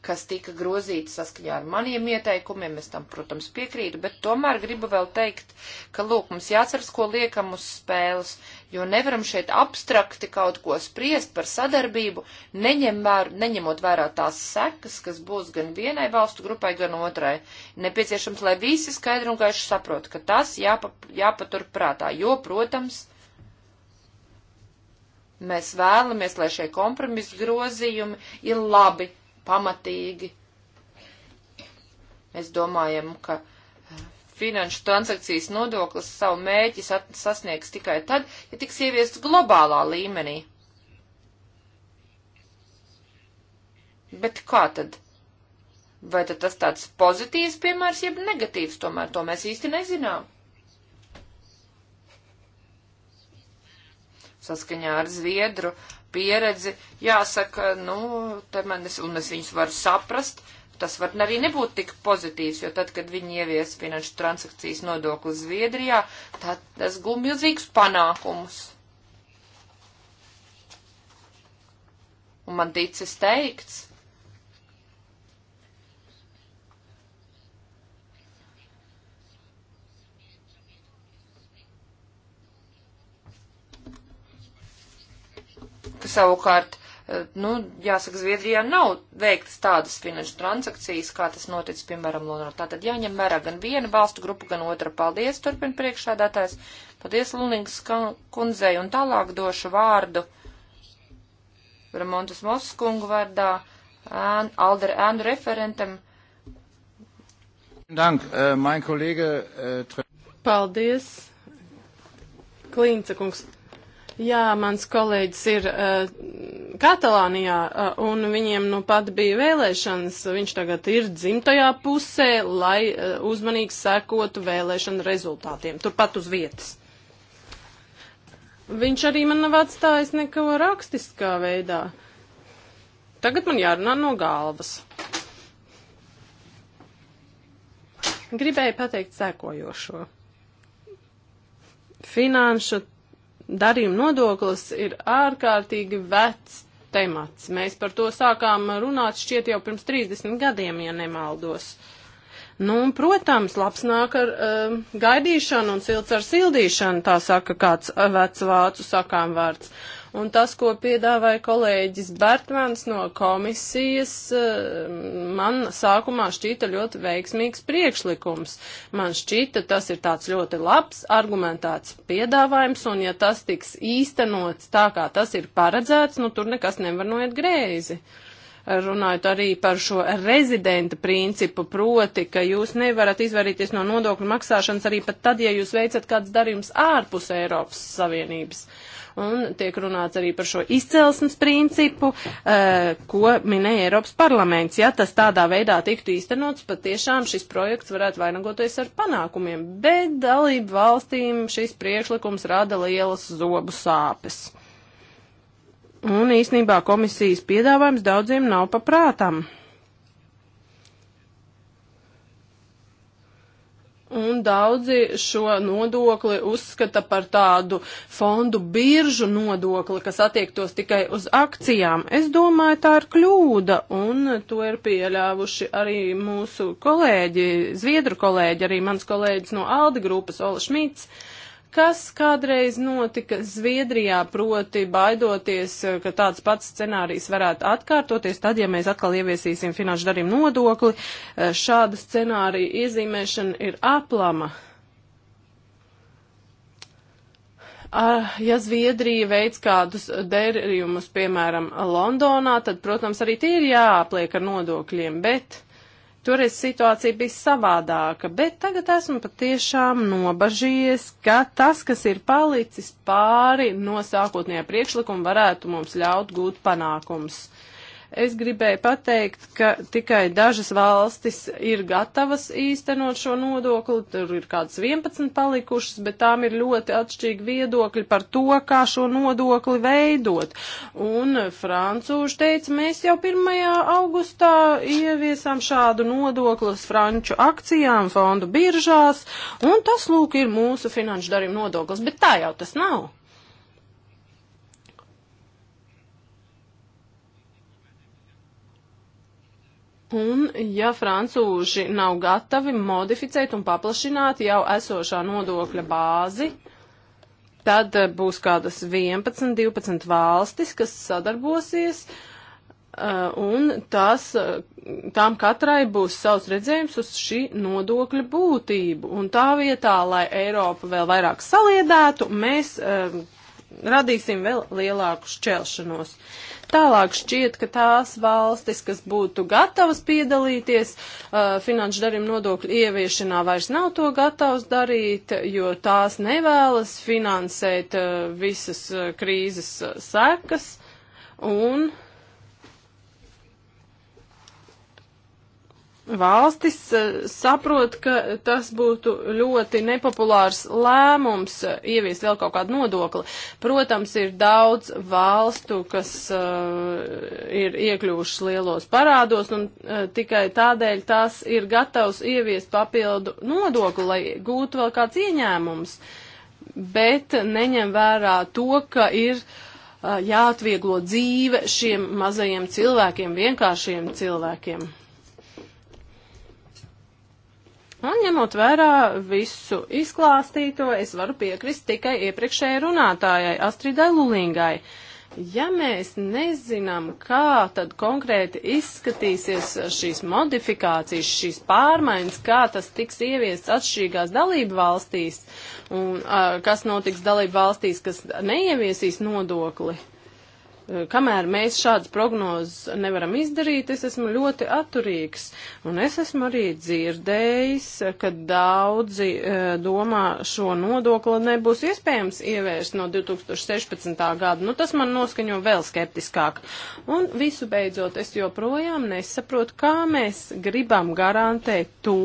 kas tika grozīti saskaņā ar maniem ieteikumiem. Es tam, protams, piekrītu, bet tomēr gribu vēl teikt, ka, lūk, mums jāceras, ko liekam uz spēles, jo nevaram šeit abstrakti kaut ko spriest par sadarbību, neņem vēr, neņemot vērā tās sekas, kas būs gan vienai valstu grupai, gan otrai. Nepieciešams, lai visi skaidri un gaiši saprot, ka tas jāpa, jāpatur prātā, jo, protams, mēs vēlamies, lai šie kompromisu grozījumi ir labi pamatīgi. Mēs domājam, ka eh, finanšu transakcijas nodoklis savu mēķi sasniegs tikai tad, ja tiks ieviests globālā līmenī. Bet kā tad? Vai tad tas tāds pozitīvs piemērs, jeb negatīvs, tomēr to mēs īsti nezinām. saskaņā ar Zviedru pieredzi, jāsaka, nu, te man es, un es viņus varu saprast, tas var arī nebūt tik pozitīvs, jo tad, kad viņi ievies finanšu transakcijas nodokli Zviedrijā, tad tas guv milzīgus panākumus. Un man ticis teikts, savukārt, eh, nu, jāsaka, Zviedrijā nav veiktas tādas finanšu transakcijas, kā tas notic, piemēram, Lunā. Tātad jāņem vērā gan viena valstu grupa, gan otra. Paldies, turpin priekšādātājs. Paldies, Lunīgas kundzei, un tālāk došu vārdu Ramontas Moskungu vārdā, Alder Ēnu referentam. Dank, uh, mein kolēģe. Uh, eh, Paldies, Klīnca kungs. Jā, mans kolēģis ir uh, Katalānijā, uh, un viņiem nu pat bija vēlēšanas. Viņš tagad ir dzimtajā pusē, lai uh, uzmanīgi sekotu vēlēšanu rezultātiem, turpat uz vietas. Viņš arī man nav atstājis neko rakstiskā veidā. Tagad man jārunā no galvas. Gribēju pateikt sekojošo. Finanšu darījuma nodoklis ir ārkārtīgi vecs temats. Mēs par to sākām runāt šķiet jau pirms 30 gadiem, ja nemaldos. Nu, un, protams, labs nāk ar uh, gaidīšanu un silts ar sildīšanu, tā saka kāds uh, vecs vācu sakām vārds. Uh, Un tas, ko piedāvāja kolēģis Bertmans no komisijas, man sākumā šķita ļoti veiksmīgs priekšlikums. Man šķita, tas ir tāds ļoti labs, argumentēts piedāvājums, un ja tas tiks īstenots tā, kā tas ir paredzēts, nu tur nekas nevar noiet greizi runājot arī par šo rezidenta principu, proti, ka jūs nevarat izvairīties no nodokļu maksāšanas arī pat tad, ja jūs veicat kāds darījums ārpus Eiropas Savienības. Uh, un tiek runāts arī par šo izcelsmes principu, eh, ko minēja Eiropas parlaments. Ja tas tādā veidā tiktu īstenots, pat tiešām šis projekts varētu vainagoties ar panākumiem, bet dalību valstīm šis priekšlikums rada lielas zobu sāpes. Un īsnībā komisijas piedāvājums daudziem nav paprātam. un daudzi šo nodokli uzskata par tādu fondu biržu nodokli, kas attiektos tikai uz akcijām. Es domāju, tā ir kļūda, un to ir pieļāvuši arī mūsu kolēģi, zviedru kolēģi, arī mans kolēģis no Aldi grupas, Ola Šmits. Uh, kas kādreiz notika Zviedrijā, proti baidoties, eh, ka tāds pats scenārijs varētu atkārtoties, tad, ja mēs atkal ieviesīsim finanšu darījumu nodokli, eh, šāda scenārija iezīmēšana ir aplama. Ah, ja Zviedrija veids kādus derījumus, piemēram, Londonā, tad, protams, arī tie ir jāapliek ar nodokļiem, bet Toreiz situācija bija savādāka, bet tagad esmu patiešām nobažījies, ka tas, kas ir palicis pāri no sākotnējā priekšlikuma, varētu mums ļaut gūt panākums. Es gribēju pateikt, ka tikai dažas valstis ir gatavas īstenot šo nodokli, tur ir kādas 11 palikušas, bet tām ir ļoti atšķirīgi viedokļi par to, kā šo nodokli veidot. Un francūži teica, mēs jau 1. augustā ieviesām šādu nodokli uz franču akcijām fondu biržās, un tas, lūk, ir mūsu finanšu darījuma nodoklis, bet tā jau tas nav. Un, ja francūži nav gatavi modificēt un paplašināt jau esošā nodokļa bāzi, tad eh, būs kādas 11, 12 valstis, kas sadarbosies, eh, un tās, eh, tām katrai būs savs redzējums uz šī nodokļa būtību. Un tā vietā, lai Eiropu vēl vairāk saliedētu, mēs radīsim vēl lielāku šķelšanos. Tālāk šķiet, ka tās valstis, kas būtu gatavas piedalīties uh, finanšu darījumu nodokļu ieviešanā, vairs nav to gatavas darīt, jo tās nevēlas finansēt uh, visas uh, krīzes uh, sekas un uh, valstis e, saprot, ka tas būtu ļoti nepopulārs lēmums e, ieviest vēl kaut kādu nodokli. Protams, ir daudz valstu, kas uh, ir iekļuvušas lielos parādos, un uh, tikai tādēļ tās ir gatavs ieviest papildu nodokli, lai gūtu vēl kāds ieņēmums, bet neņem vērā to, ka ir uh, jāatvieglo dzīve šiem mazajiem cilvēkiem, vienkāršiem cilvēkiem. Un nu, ņemot vērā visu izklāstīto, es varu piekrist tikai iepriekšējai runātājai, Astridai Lulingai. Ja mēs nezinām, kā tad konkrēti izskatīsies šīs modifikācijas, šīs pārmaiņas, kā tas tiks ieviests atšķirīgās dalību valstīs, un uh, kas notiks dalību valstīs, kas neieviesīs nodokli, uh, Eh, kamēr mēs šādas prognozes nevaram izdarīt, es esmu ļoti atturīgs. Un es esmu arī dzirdējis, ka daudzi eh, domā šo nodokli nebūs iespējams ievērst no 2016. gada. Nu, tas man noskaņo vēl skeptiskāk. Un visu beidzot, es joprojām nesaprotu, kā mēs gribam garantēt to,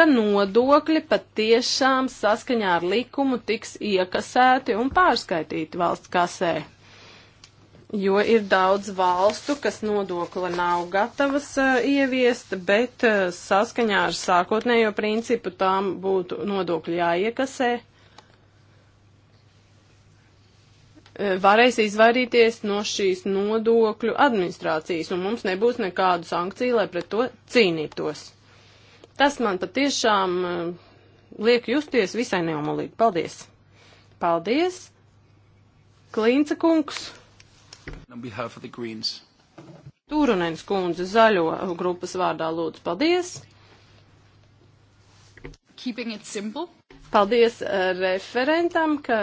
ka nodokļi patiešām saskaņā ar likumu tiks iekasēti un pārskaitīti valsts kasē jo ir daudz valstu, kas nodokli nav gatavas uh, ieviest, bet uh, saskaņā ar sākotnējo principu tām būtu nodokļi jāiekasē. Eh, varēs izvairīties no šīs nodokļu administrācijas, un mums nebūs nekādu sankciju, lai pret to cīnītos. Tas man patiešām liek justies visai neomolīgi. Paldies! Paldies! Klīnca kungs! On behalf of the Greens. Tūrunens kundze zaļo grupas vārdā lūdzu paldies. Keeping it simple. Paldies eh, referentam, ka,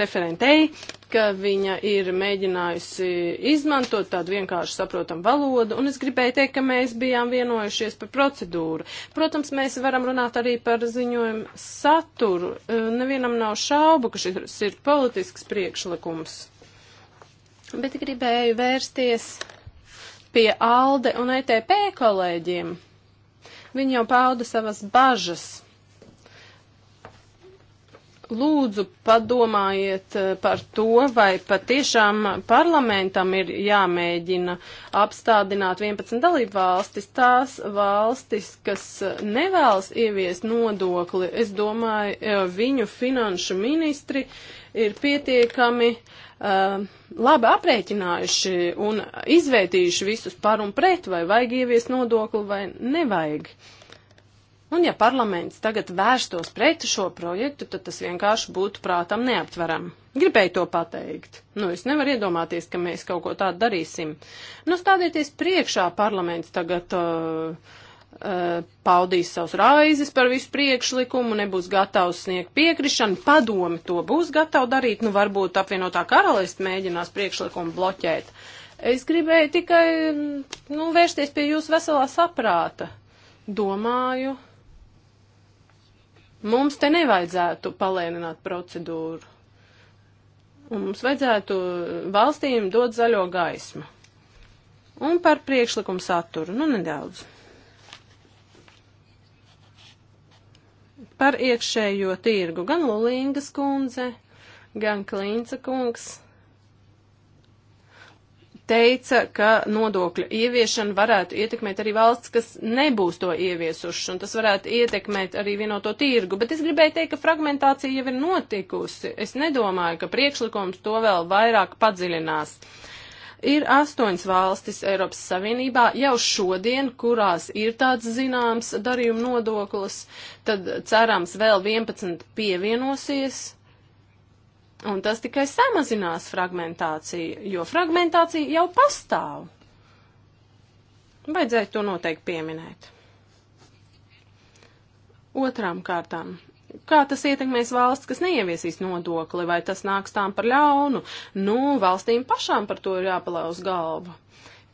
referentei, ka viņa ir mēģinājusi izmantot tādu vienkārši saprotamu valodu, un es gribēju teikt, ka mēs bijām vienojušies par procedūru. Protams, mēs varam runāt arī par ziņojumu saturu. Eh, nevienam nav šaubu, ka šis ir politisks priekšlikums bet gribēju vērsties pie ALDE un ETP kolēģiem. Viņi jau pauda savas bažas. Lūdzu, padomājiet eh, par to, vai patiešām parlamentam ir jāmēģina apstādināt 11 dalību valstis, tās valstis, kas nevēlas ieviest nodokli. Es domāju, eh, viņu finanšu ministri ir pietiekami uh, Um, labi aprēķinājuši un izvērtījuši visus par un pret, vai vajag ieviest nodokli vai nevajag. Un ja parlaments tagad vērstos pret šo projektu, tad tas vienkārši būtu prātam neaptveram. Gribēju to pateikt. Nu, es nevaru iedomāties, ka mēs kaut ko tādu darīsim. Nu, stādieties priekšā parlaments tagad. Uh, Eh, paudīs savus raizes par visu priekšlikumu, nebūs gatavs sniegt piekrišanu, padomi to būs gatavi darīt, nu varbūt apvienotā karalists mēģinās priekšlikumu bloķēt. Es gribēju tikai, nu, vērsties pie jūsu veselā saprāta. Domāju, mums te nevajadzētu palēnināt procedūru. Un mums vajadzētu valstīm dot zaļo gaismu. Un par priekšlikumu saturu, nu, nedaudz. Par iekšējo tirgu gan Lulingas kundze, gan Klīnca kungs teica, ka nodokļu ieviešana varētu ietekmēt arī valsts, kas nebūs to ieviesuši, un tas varētu ietekmēt arī vienoto tirgu. Bet es gribēju teikt, ka fragmentācija jau ir notikusi. Es nedomāju, ka priekšlikums to vēl vairāk padziļinās. Uh, Ir astoņas valstis Eiropas Savienībā jau šodien, kurās ir tāds zināms darījuma nodoklis, tad cerams vēl 11 pievienosies. Un tas tikai samazinās fragmentāciju, jo fragmentācija jau pastāv. Vajadzēja to noteikti pieminēt. Otrām kārtām kā tas ietekmēs valsts, kas neieviesīs nodokli, vai tas nāks tām par ļaunu? Nu, valstīm pašām par to ir jāpalauz galva.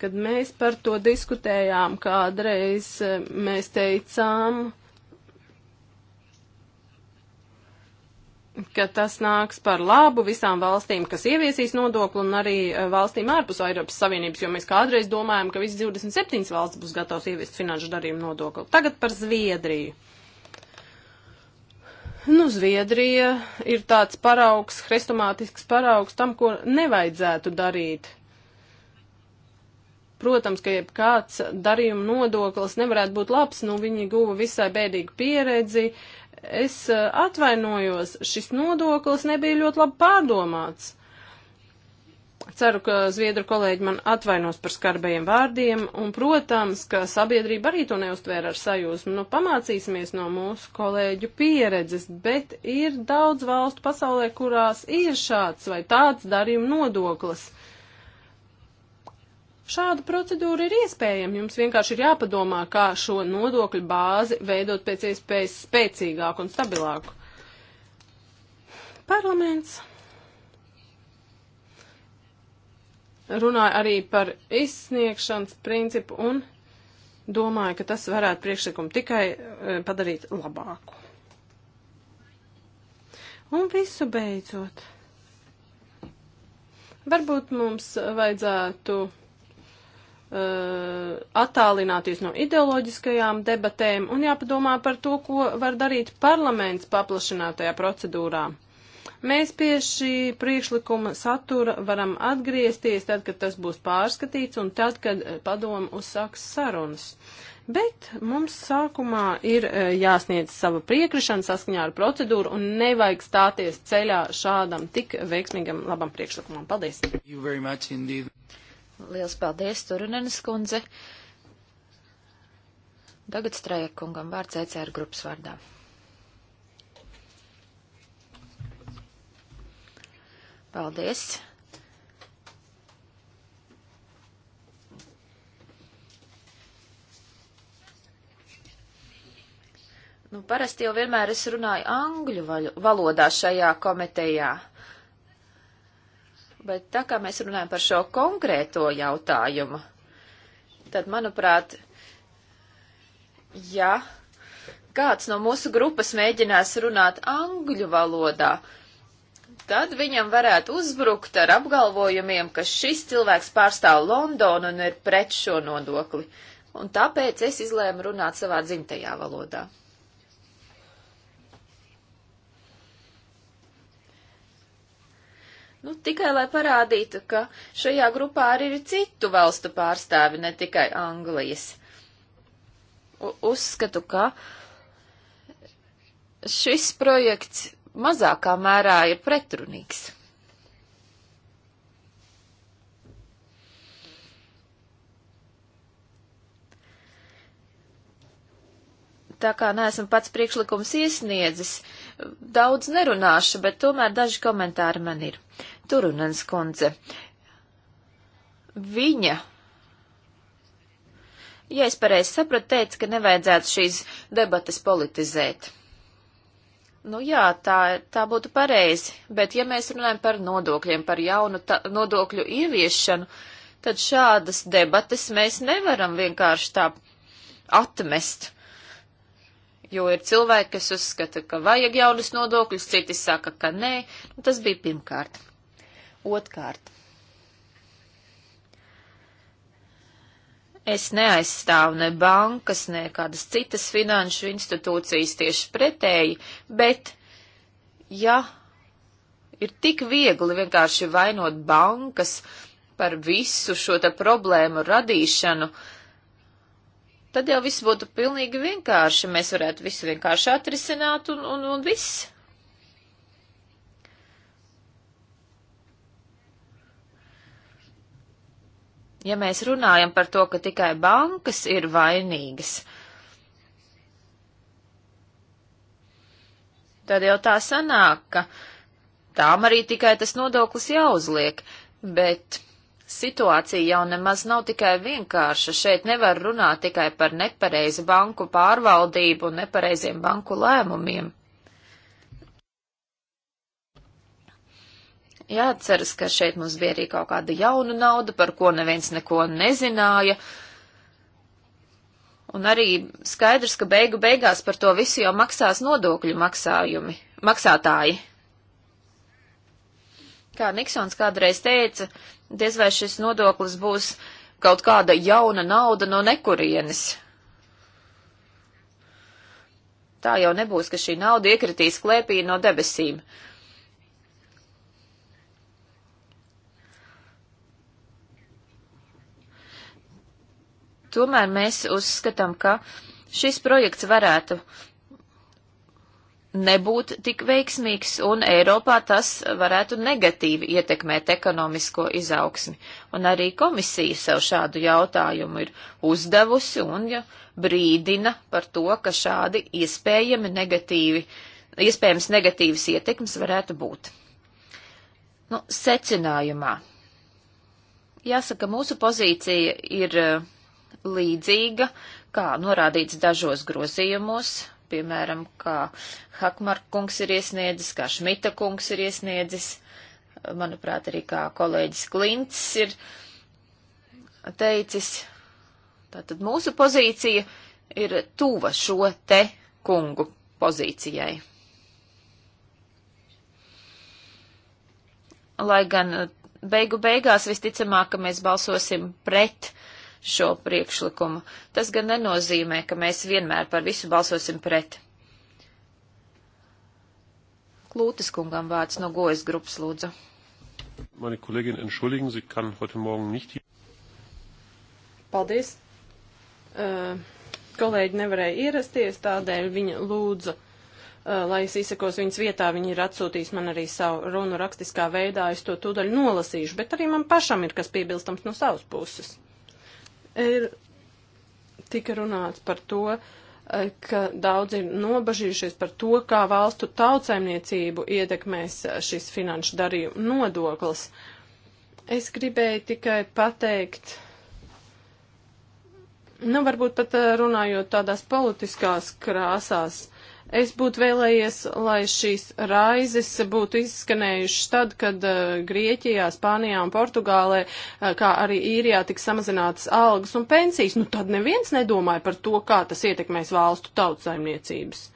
Kad mēs par to diskutējām, kādreiz e, mēs teicām, ka tas nāks par labu visām valstīm, kas ieviesīs nodokli un arī e, valstīm ārpus Eiropas Savienības, jo mēs kādreiz domājam, ka visas 27 valsts būs gatavs ieviest finanšu darījumu nodokli. Tagad par Zviedriju. Nu, Zviedrija ir tāds paraugs, hrestomātisks paraugs tam, ko nevajadzētu darīt. Protams, ka jebkāds darījuma nodoklis nevarētu būt labs, nu viņi guva visai bēdīgu pieredzi. Es eh, atvainojos, šis nodoklis nebija ļoti labi pārdomāts. Ceru, ka zviedru kolēģi man atvainos par skarbajiem vārdiem, un, protams, ka sabiedrība arī to neuztvēra ar sajūsmu. Nu, pamācīsimies no mūsu kolēģu pieredzes, bet ir daudz valstu pasaulē, kurās ir šāds vai tāds darījuma nodoklis. Šāda procedūra ir iespējama. Jums vienkārši ir jāpadomā, kā šo nodokļu bāzi veidot pēc iespējas spēcīgāku un stabilāku. Parlaments runāja arī par izsniegšanas principu un domāju, ka tas varētu priekšlikumu tikai eh, padarīt labāku. Un visu beidzot. Varbūt mums vajadzētu uh, attālināties no ideoloģiskajām debatēm un jāpadomā par to, ko var darīt parlaments paplašinātajā procedūrā. Mēs pie šī priekšlikuma satura varam atgriezties tad, kad tas būs pārskatīts un tad, kad eh, padomu uzsāks sarunas. Bet mums sākumā ir eh, jāsniedz sava priekrišana saskaņā ar procedūru un nevajag stāties ceļā šādam tik veiksmīgam labam priekšlikumam. Paldies! Liels paldies, Turunenes kundze! Tagad Strajekungam vārds ECR grupas vārdā. Paldies! Nu, parasti jau vienmēr es runāju angļu valodā šajā komitejā. Bet tā kā mēs runājam par šo konkrēto jautājumu, tad, manuprāt, ja kāds no mūsu grupas mēģinās runāt angļu valodā, tad viņam varētu uzbrukt ar apgalvojumiem, ka šis cilvēks pārstāv Londonu un ir pret šo nodokli. Un tāpēc es izlēmu runāt savā dzimtajā valodā. Nu, tikai lai parādītu, ka šajā grupā arī ir citu valstu pārstāvi, ne tikai Anglijas. U uzskatu, ka šis projekts mazākā mērā ir pretrunīgs. tā kā neesmu pats priekšlikums iesniedzis, daudz nerunāšu, bet tomēr daži komentāri man ir. Turunens kundze. Viņa. Ja es pareizi sapratu, teica, ka nevajadzētu šīs debatas politizēt. Nu jā, tā, tā būtu pareizi, bet ja mēs runājam par nodokļiem, par jaunu ta, nodokļu ieviešanu, tad šādas debates mēs nevaram vienkārši tā atmest. Jo ir cilvēki, kas uzskata, ka vajag jaunas nodokļus, citi saka, ka nē. Nu, tas bija pirmkārt. Otkārt. Es neaizstāvu ne bankas, ne kādas citas finanšu institūcijas tieši pretēji, bet ja ir tik viegli vienkārši vainot bankas par visu šo te problēmu radīšanu, tad jau viss būtu pilnīgi vienkārši. Mēs varētu visu vienkārši atrisināt un, un, un viss. ja mēs runājam par to, ka tikai bankas ir vainīgas, tad jau tā sanāk, ka tām arī tikai tas nodoklis jāuzliek, bet situācija jau nemaz nav tikai vienkārša. Šeit nevar runāt tikai par nepareizu banku pārvaldību un nepareiziem banku lēmumiem. Jāatceras, ka šeit mums bija arī kaut kāda jauna nauda, par ko neviens neko nezināja. Un arī skaidrs, ka beigu beigās par to visu jau maksās nodokļu maksājumi, maksātāji. Kā Niksons kādreiz teica, diez vai šis nodoklis būs kaut kāda jauna nauda no nekurienes. Tā jau nebūs, ka šī nauda iekritīs klēpī no debesīm. Uh, Tomēr mēs uzskatām, ka šis projekts varētu nebūt tik veiksmīgs, un Eiropā tas varētu negatīvi ietekmēt ekonomisko izaugsmi. Un arī komisija sev šādu jautājumu ir uzdevusi un ja brīdina par to, ka šādi iespējami negatīvi, iespējams negatīvas ietekmes varētu būt. Nu, secinājumā. Jāsaka, mūsu pozīcija ir uh, līdzīga, kā norādīts dažos grozījumos, piemēram, kā Hakmark kungs ir iesniedzis, kā Šmita kungs ir iesniedzis, manuprāt, arī kā kolēģis Klints ir teicis. Tātad mūsu pozīcija ir tuva šo te kungu pozīcijai. Lai gan beigu beigās visticamāk, ka mēs balsosim pret šo priekšlikumu. Tas gan nenozīmē, ka mēs vienmēr par visu balsosim pret. Klūtis kungam vārds no gojas grupas lūdzu. Meine Kollegin entschuldigen, sie kann heute Morgen nicht hier. Paldies. Uh, kolēģi nevarēja ierasties, tādēļ viņa lūdza, uh, lai es izsakos viņas vietā, viņa ir atsūtījis man arī savu runu rakstiskā veidā, es to tūdaļ nolasīšu, bet arī man pašam ir kas piebilstams no savas puses. Ir tika runāts par to, e, ka daudz ir nobažījušies par to, kā valstu tautsaimniecību ietekmēs e, šis finanšu darījuma nodoklis. Es gribēju tikai pateikt, nu varbūt pat e, runājot tādās politiskās krāsās, Es būtu vēlējies, lai šīs raizes būtu izskanējušas tad, kad uh, Grieķijā, Spānijā un Portugālē, uh, kā arī īrijā tika samazinātas algas un pensijas. Nu tad neviens nedomāja par to, kā tas ietekmēs valstu tautsaimniecības.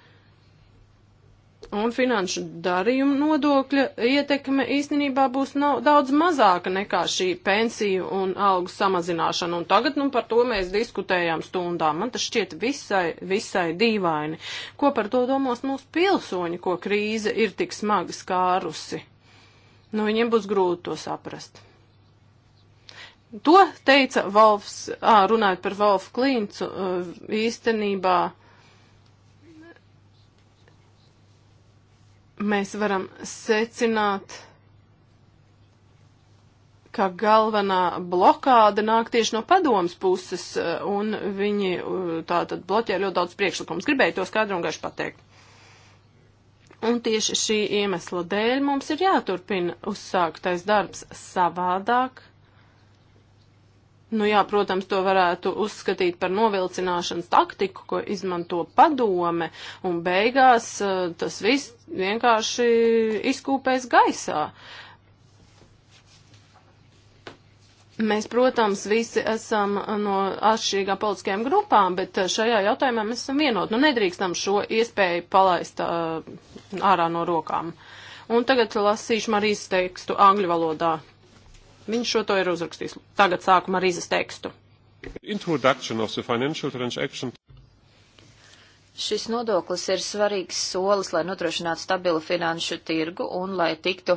Un finanšu darījuma nodokļa ietekme īstenībā būs no, daudz mazāka nekā šī pensiju un algu samazināšana. Un tagad nu, par to mēs diskutējām stundām. Man tas šķiet visai, visai dīvaini. Ko par to domās mūsu pilsoņi, ko krīze ir tik smagi skārusi? Nu, viņiem būs grūti to saprast. To teica Volfs, ā, runājot par Volfu Klīncu, īstenībā mēs varam secināt, ka galvenā blokāda nāk tieši no padomas puses, eh, un viņi eh, tā tad bloķē ļoti daudz priekšlikumus. Gribēju to skaidru un gaišu pateikt. Un tieši šī iemesla dēļ mums ir jāturpina uzsāktais darbs savādāk Nu jā, protams, to varētu uzskatīt par novilcināšanas taktiku, ko izmanto padome, un beigās eh, tas viss vienkārši izkūpēs gaisā. Mēs, protams, visi esam no atšķirīgām politiskajām grupām, bet šajā jautājumā mēs esam vienoti. Nu, nedrīkstam šo iespēju palaist uh, ārā no rokām. Un tagad lasīšu Marijas tekstu angļu valodā. Viņš šo to ir uzrakstījis. Tagad sākumā ar izas tekstu. Introduction of the financial transaction. Šis nodoklis ir svarīgs solis, lai nodrošinātu stabilu finanšu tirgu un lai tiktu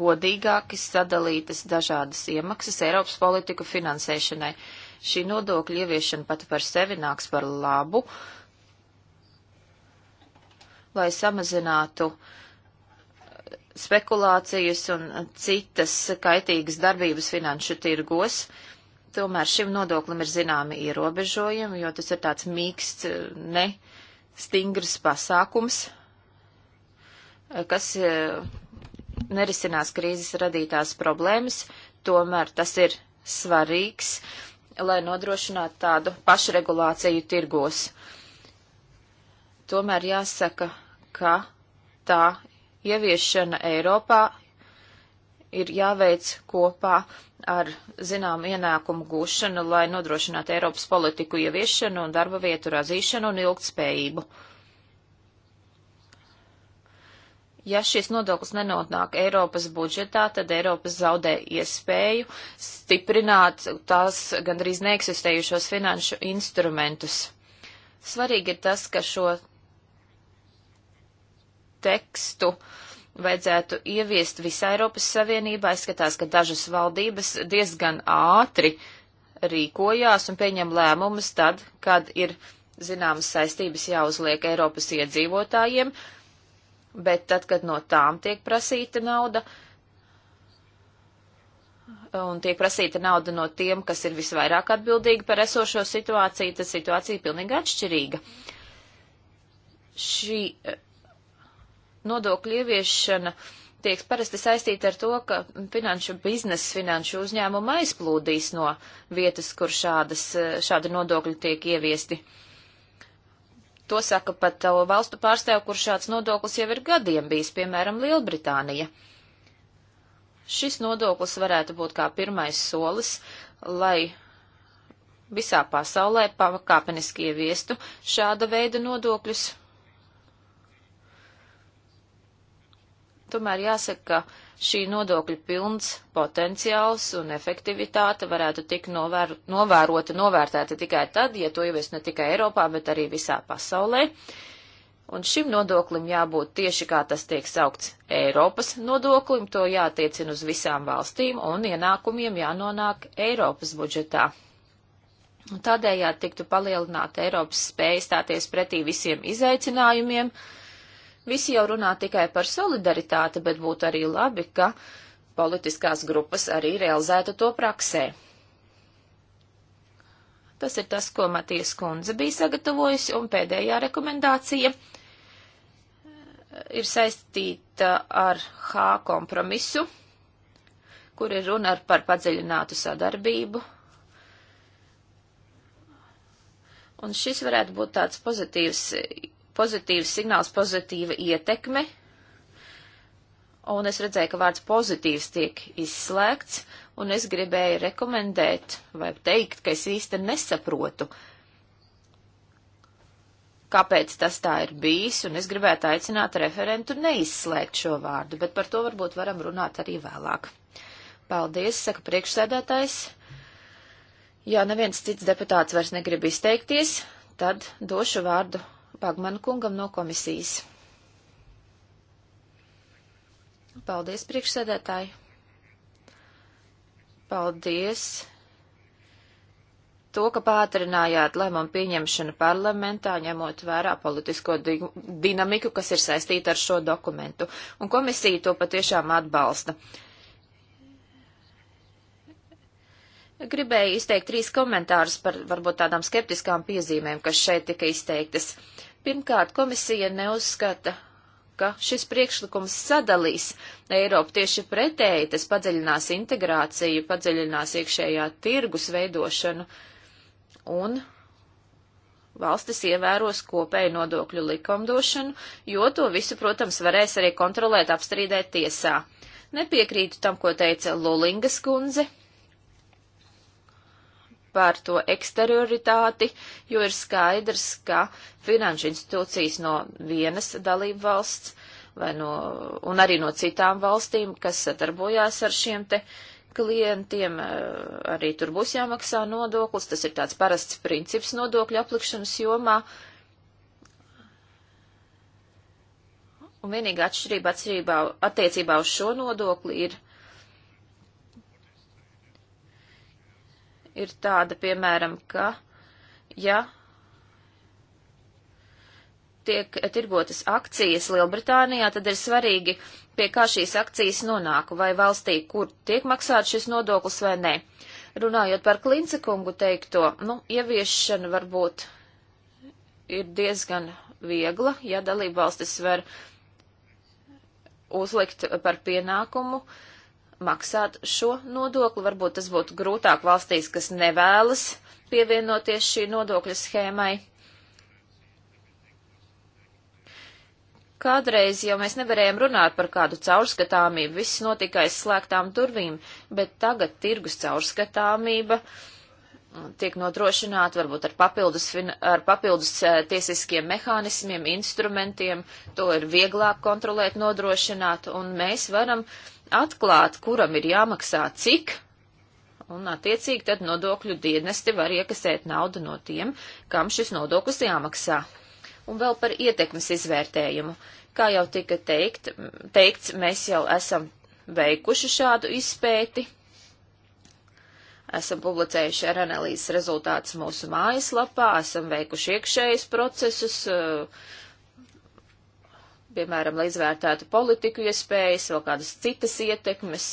godīgāki sadalītas dažādas iemaksas Eiropas politiku finansēšanai. Šī nodokļa ieviešana pati par sevi nāks par labu, lai samazinātu uh, spekulācijas un citas kaitīgas darbības finanšu tirgos. Tomēr šim nodoklim ir zināmi ierobežojumi, jo tas ir tāds mīksts, ne stingrs pasākums, kas e, nerisinās krīzes radītās problēmas, tomēr tas ir svarīgs, lai nodrošinātu tādu pašregulāciju tirgos. Tomēr jāsaka, ka tā ieviešana Eiropā ir jāveic kopā ar zinām ienākumu gūšanu, lai nodrošinātu Eiropas politiku ieviešanu un darba vietu razīšanu un ilgtspējību. Ja šis nodoklis nenotnāk Eiropas budžetā, tad Eiropas zaudē iespēju stiprināt tās gandrīz neeksistējušos finanšu instrumentus. Svarīgi ir tas, ka šo tekstu vajadzētu ieviest visā Eiropas Savienībā. Izskatās, ka dažas valdības diezgan ātri rīkojās un pieņem lēmumus tad, kad ir zināmas saistības jāuzliek Eiropas iedzīvotājiem, bet tad, kad no tām tiek prasīta nauda, un tiek prasīta nauda no tiem, kas ir visvairāk atbildīgi par esošo situāciju, tad situācija ir pilnīgi atšķirīga. Šī nodokļu ieviešana tiek parasti saistīta ar to, ka finanšu biznesa, finanšu uzņēmuma aizplūdīs no vietas, kur šādas, šādi nodokļi tiek ieviesti. To saka pat valstu pārstāv, kur šāds nodoklis jau ir gadiem bijis, piemēram, Lielbritānija. Šis nodoklis varētu būt kā pirmais solis, lai visā pasaulē pakāpeniski ieviestu šāda veida nodokļus, Tomēr jāsaka, ka šī nodokļa pilns potenciāls un efektivitāte varētu tik novēr novērota, novērtēta tikai tad, ja to ievies ne tikai Eiropā, bet arī visā pasaulē. Un šim nodoklim jābūt tieši kā tas tiek saukts Eiropas nodoklim, to jātiecina uz visām valstīm un ienākumiem jānonāk Eiropas budžetā. Un tādējādi tiktu palielināta Eiropas spēja stāties pretī visiem izaicinājumiem, uh, Visi jau runā tikai par solidaritāti, bet būtu arī labi, ka politiskās grupas arī realizētu to praksē. Tas ir tas, ko Matijas kundze bija sagatavojusi, un pēdējā rekomendācija ir saistīta ar H kompromisu, kur ir runa par padziļinātu sadarbību. Un šis varētu būt tāds pozitīvs pozitīvs signāls, pozitīva ietekme. Un es redzēju, ka vārds pozitīvs tiek izslēgts, un es gribēju rekomendēt vai teikt, ka es īsti nesaprotu, kāpēc tas tā ir bijis, un es gribētu aicināt referentu neizslēgt šo vārdu, bet par to varbūt varam runāt arī vēlāk. Paldies, saka priekšsēdētājs. Ja neviens cits deputāts vairs negrib izteikties, tad došu vārdu Bagmanu kungam no komisijas. Paldies, priekšsēdētāji! Paldies! To, ka pātrinājāt lēmumu pieņemšanu parlamentā, ņemot vērā politisko di dinamiku, kas ir saistīta ar šo dokumentu. Un komisija to patiešām atbalsta. Gribēju izteikt trīs komentārus par varbūt tādām skeptiskām piezīmēm, kas šeit tika izteiktas. Uh, Pirmkārt, komisija neuzskata, ka šis priekšlikums sadalīs Eiropu tieši pretēji, tas padziļinās integrāciju, padziļinās iekšējā tirgus veidošanu un valstis ievēros kopēju nodokļu likumdošanu, jo to visu, protams, varēs arī kontrolēt apstrīdēt tiesā. Nepiekrītu tam, ko teica Lulingas kundze, par to eksterioritāti, jo ir skaidrs, ka finanšu institūcijas no vienas dalību valsts vai no, un arī no citām valstīm, kas sadarbojās ar šiem te klientiem, eh, arī tur būs jāmaksā nodoklis. Tas ir tāds parasts princips nodokļu aplikšanas jomā. Un vienīgā atšķirība atšķirībā attiecībā uz šo nodokli ir ir tāda, piemēram, ka, ja tiek tirgotas akcijas Lielbritānijā, tad ir svarīgi, pie kā šīs akcijas nonāk, vai valstī, kur tiek maksāts šis nodoklis vai nē. Runājot par Klincekungu teikto, nu, ieviešana varbūt ir diezgan viegla, ja dalība valstis var uzlikt par pienākumu uh, maksāt šo nodokli. Varbūt tas būtu grūtāk valstīs, kas nevēlas pievienoties šī nodokļa schēmai. Kādreiz jau mēs nevarējām runāt par kādu caurskatāmību, viss notika aiz slēgtām durvīm, bet tagad tirgus caurskatāmība mm, tiek nodrošināta varbūt ar papildus, ar papildus eh, tiesiskiem mehānismiem, instrumentiem, to ir vieglāk kontrolēt, nodrošināt, un mēs varam uh, atklāt, kuram ir jāmaksā cik, un attiecīgi tad nodokļu dienesti var iekasēt naudu no tiem, kam šis nodoklis jāmaksā. Un vēl par ietekmes izvērtējumu. Kā jau tika teikt, teikts, mēs jau esam veikuši šādu izpēti. Esam publicējuši ar analīzes rezultātus mūsu mājaslapā, esam veikuši iekšējus procesus, uh, piemēram, lai izvērtētu politiku iespējas, vēl kādas citas ietekmes,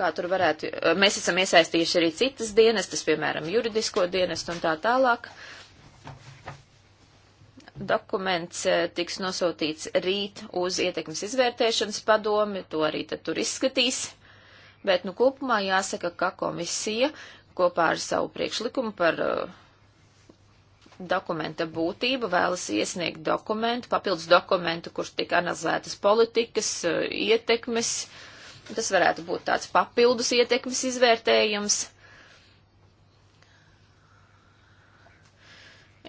kā tur varētu, eh, mēs esam iesaistījuši arī citas dienestas, piemēram, juridisko dienestu un tā tālāk. Dokuments eh, tiks nosūtīts rīt uz ietekmes izvērtēšanas padomi, to arī tad tur izskatīs, bet, nu, kopumā jāsaka, ka komisija kopā ar savu priekšlikumu par uh, dokumenta būtība, vēlas iesniegt dokumentu, papildus dokumentu, kurš tika analizētas politikas, eh, ietekmes. Tas varētu būt tāds papildus ietekmes izvērtējums.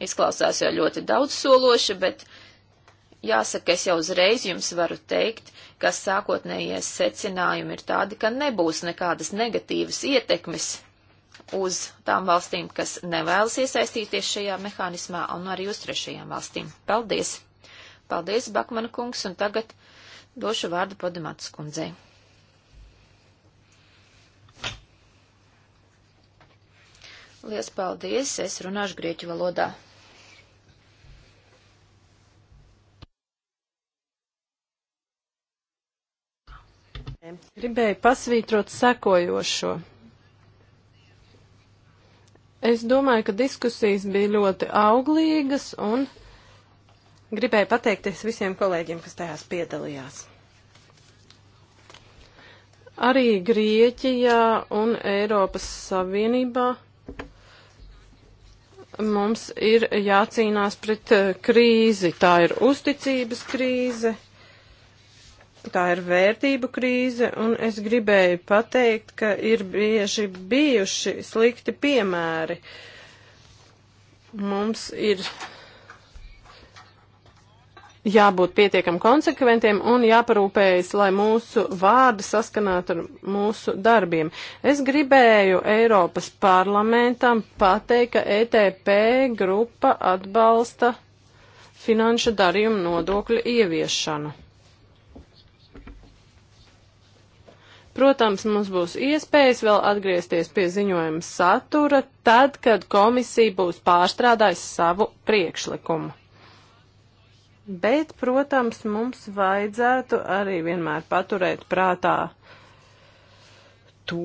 Izklausās jau ļoti daudz sološi, bet jāsaka, es jau uzreiz jums varu teikt, ka sākotnējie secinājumi ir tādi, ka nebūs nekādas negatīvas ietekmes uz tām valstīm, kas nevēlas iesaistīties šajā mehānismā, un arī uz trešajām valstīm. Paldies! Paldies, Bakmana kungs, un tagad došu vārdu Podemats kundzei. Lielas paldies, es runāšu grieķu valodā. Gribēju pasvītrot sekojošo. Es domāju, ka diskusijas bija ļoti auglīgas un gribēju pateikties visiem kolēģiem, kas tajās piedalījās. Arī Grieķijā un Eiropas Savienībā mums ir jācīnās pret eh, krīzi. Tā ir uzticības krīze tā ir vērtību krīze, un es gribēju pateikt, ka ir bieži bijuši slikti piemēri. Mums ir jābūt pietiekam konsekventiem un jāparūpējas, lai mūsu vārdi saskanātu ar mūsu darbiem. Es gribēju Eiropas parlamentam pateikt, ka ETP grupa atbalsta finanšu darījumu nodokļu ieviešanu. Protams, mums būs iespējas vēl atgriezties pie ziņojuma satura, tad, kad komisija būs pārstrādājusi savu priekšlikumu. Bet, protams, mums vajadzētu arī vienmēr paturēt prātā to,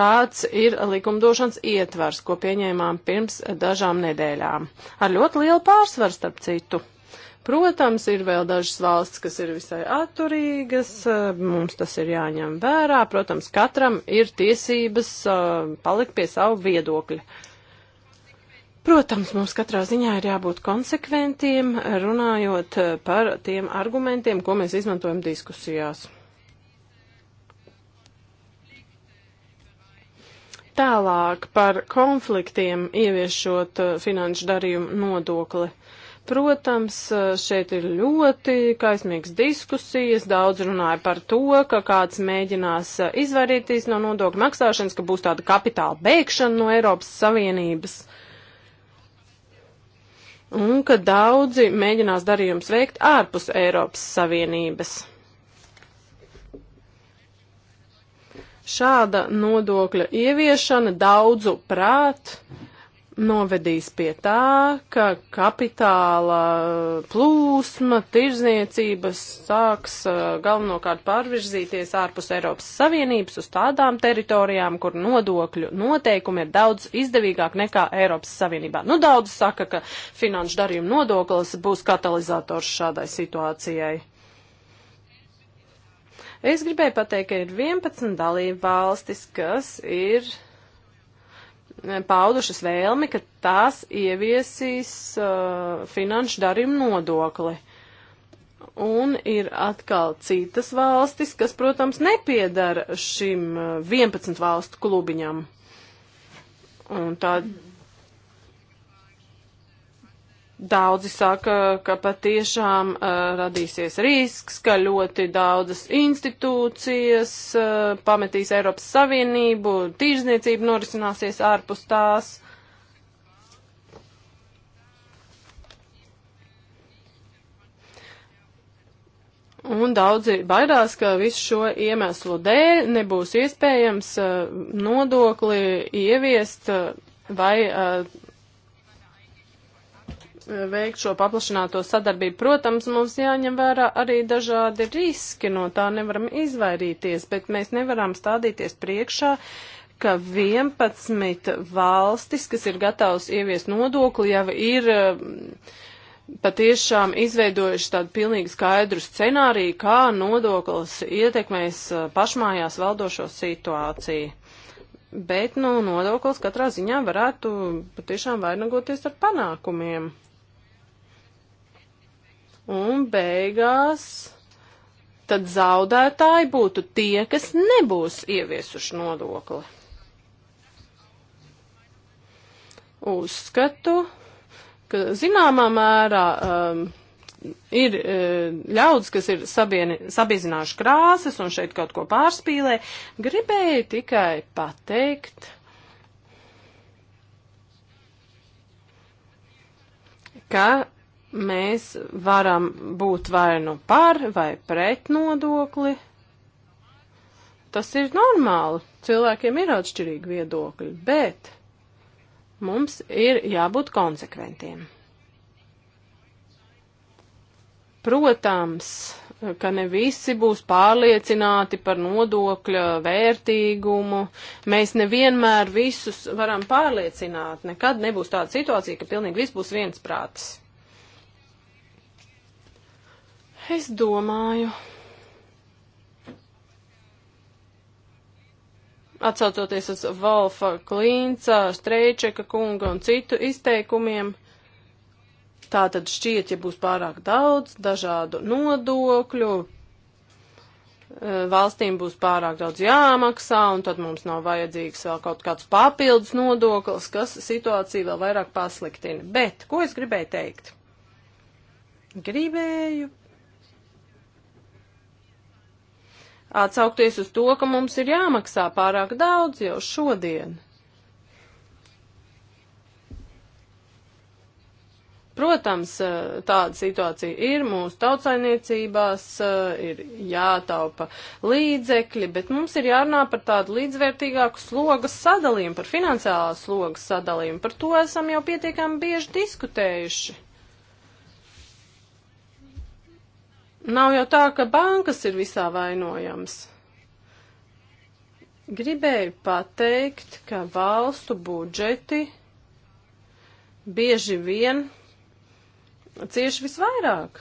kāds ir likumdošanas ietvars, ko pieņēmām pirms dažām nedēļām. Ar ļoti lielu pārsvaru starp citu. Protams, ir vēl dažas valsts, kas ir visai atturīgas, e, mums tas ir jāņem vērā. Protams, katram ir tiesības e, palikt pie savu viedokļu. Protams, mums katrā ziņā ir jābūt konsekventiem, runājot e, par tiem argumentiem, ko mēs izmantojam diskusijās. Tālāk par konfliktiem ieviešot finanšu darījumu nodokli. Uh, Protams, šeit ir ļoti kaismīgs diskusijas, daudz runāja par to, ka kāds mēģinās izvairīties no nodokļu maksāšanas, ka būs tāda kapitāla bēgšana no Eiropas Savienības. Un ka daudzi mēģinās darījums veikt ārpus Eiropas Savienības. Šāda nodokļa ieviešana daudzu prāt novedīs pie tā, ka kapitāla plūsma, tirzniecības sāks uh, galvenokārt pārvirzīties ārpus Eiropas Savienības uz tādām teritorijām, kur nodokļu noteikumi ir daudz izdevīgāk nekā Eiropas Savienībā. Nu, daudz saka, ka finanšu darījuma nodoklis būs katalizators šādai situācijai. Es gribēju pateikt, ka ir 11 dalība valstis, kas ir paudušas vēlmi, ka tās ieviesīs uh, finanšu darījumu nodokli. Un ir atkal citas valstis, kas, protams, nepiedara šim 11 uh, valstu klubiņam. Un tā, Daudzi saka, ka patiešām uh, radīsies risks, ka ļoti daudzas institūcijas uh, pametīs Eiropas Savienību, tīrzniecība norisināsies ārpus tās. Un daudzi baidās, ka visu šo iemeslu dēļ nebūs iespējams uh, nodokli ieviest uh, vai. Uh, veikt šo paplašināto sadarbību. Protams, mums jāņem vērā arī dažādi riski, no tā nevaram izvairīties, bet mēs nevaram stādīties priekšā, ka 11 valstis, kas ir gatavs ieviest nodokli, jau ir eh, patiešām izveidojuši tādu pilnīgi skaidru scenāriju, kā nodoklis ietekmēs eh, pašmājās valdošo situāciju. Bet, nu, nodoklis katrā ziņā varētu patiešām vainagoties ar panākumiem. Un beigās tad zaudētāji būtu tie, kas nebūs ieviesuši nodokli. Uzskatu, ka zināmā mērā um, ir eh, ļaudis, kas ir sabieni, sabiezinājuši krāsas un šeit kaut ko pārspīlē. Gribēju tikai pateikt, ka mēs varam būt vai nu par vai pret nodokli. Tas ir normāli. Cilvēkiem ir atšķirīgi viedokļi, bet mums ir jābūt konsekventiem. Protams, ka ne visi būs pārliecināti par nodokļa vērtīgumu. Mēs nevienmēr visus varam pārliecināt. Nekad nebūs tāda situācija, ka pilnīgi viss būs viensprātis. Es domāju, atsaucoties uz Volfa Klīnca, Streičeka kunga un citu izteikumiem, tā tad šķiet, ja būs pārāk daudz dažādu nodokļu, e, valstīm būs pārāk daudz jāmaksā, un tad mums nav vajadzīgs vēl kaut kāds papildus nodoklis, kas situāciju vēl vairāk pasliktina. Bet, ko es gribēju teikt? Gribēju atsaukties uz to, ka mums ir jāmaksā pārāk daudz jau šodien. Protams, eh, tāda situācija ir mūsu tautsainiecībās, eh, ir jātaupa līdzekļi, bet mums ir jārunā par tādu līdzvērtīgāku slogas sadalījumu, par finansiālās slogas sadalījumu. Par to esam jau pietiekami bieži diskutējuši. Nav jau tā, ka bankas ir visā vainojams. Gribēju pateikt, ka valstu budžeti bieži vien cieši visvairāk.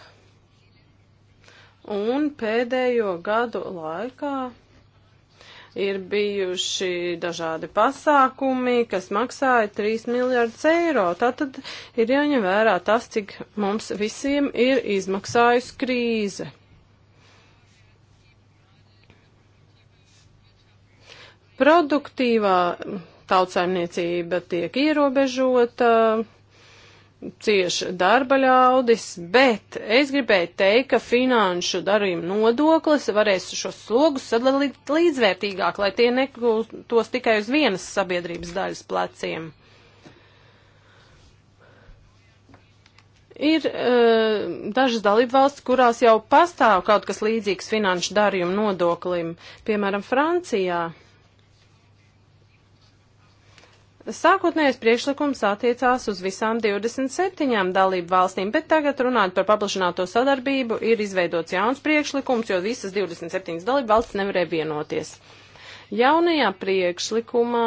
Un pēdējo gadu laikā ir bijuši dažādi pasākumi, kas maksāja 3 miljārdus eiro. Tātad ir jāņem vērā tas, cik mums visiem ir izmaksājusi krīze. Produktīvā tautsaimniecība tiek ierobežota. Uh, cieši darba ļaudis, bet es gribēju teikt, ka finanšu darījuma nodoklis varēs šos slogus sadalīt līdzvērtīgāk, lai tie nekūtos tikai uz vienas sabiedrības daļas pleciem. Ir e, dažas dalība valsts, kurās jau pastāv kaut kas līdzīgs finanšu darījuma nodoklim, piemēram, Francijā. Sākotnējais priekšlikums attiecās uz visām 27 dalību valstīm, bet tagad runājot par paplašināto sadarbību, ir izveidots jauns priekšlikums, jo visas 27 dalību valstis nevarēja vienoties. Jaunajā priekšlikumā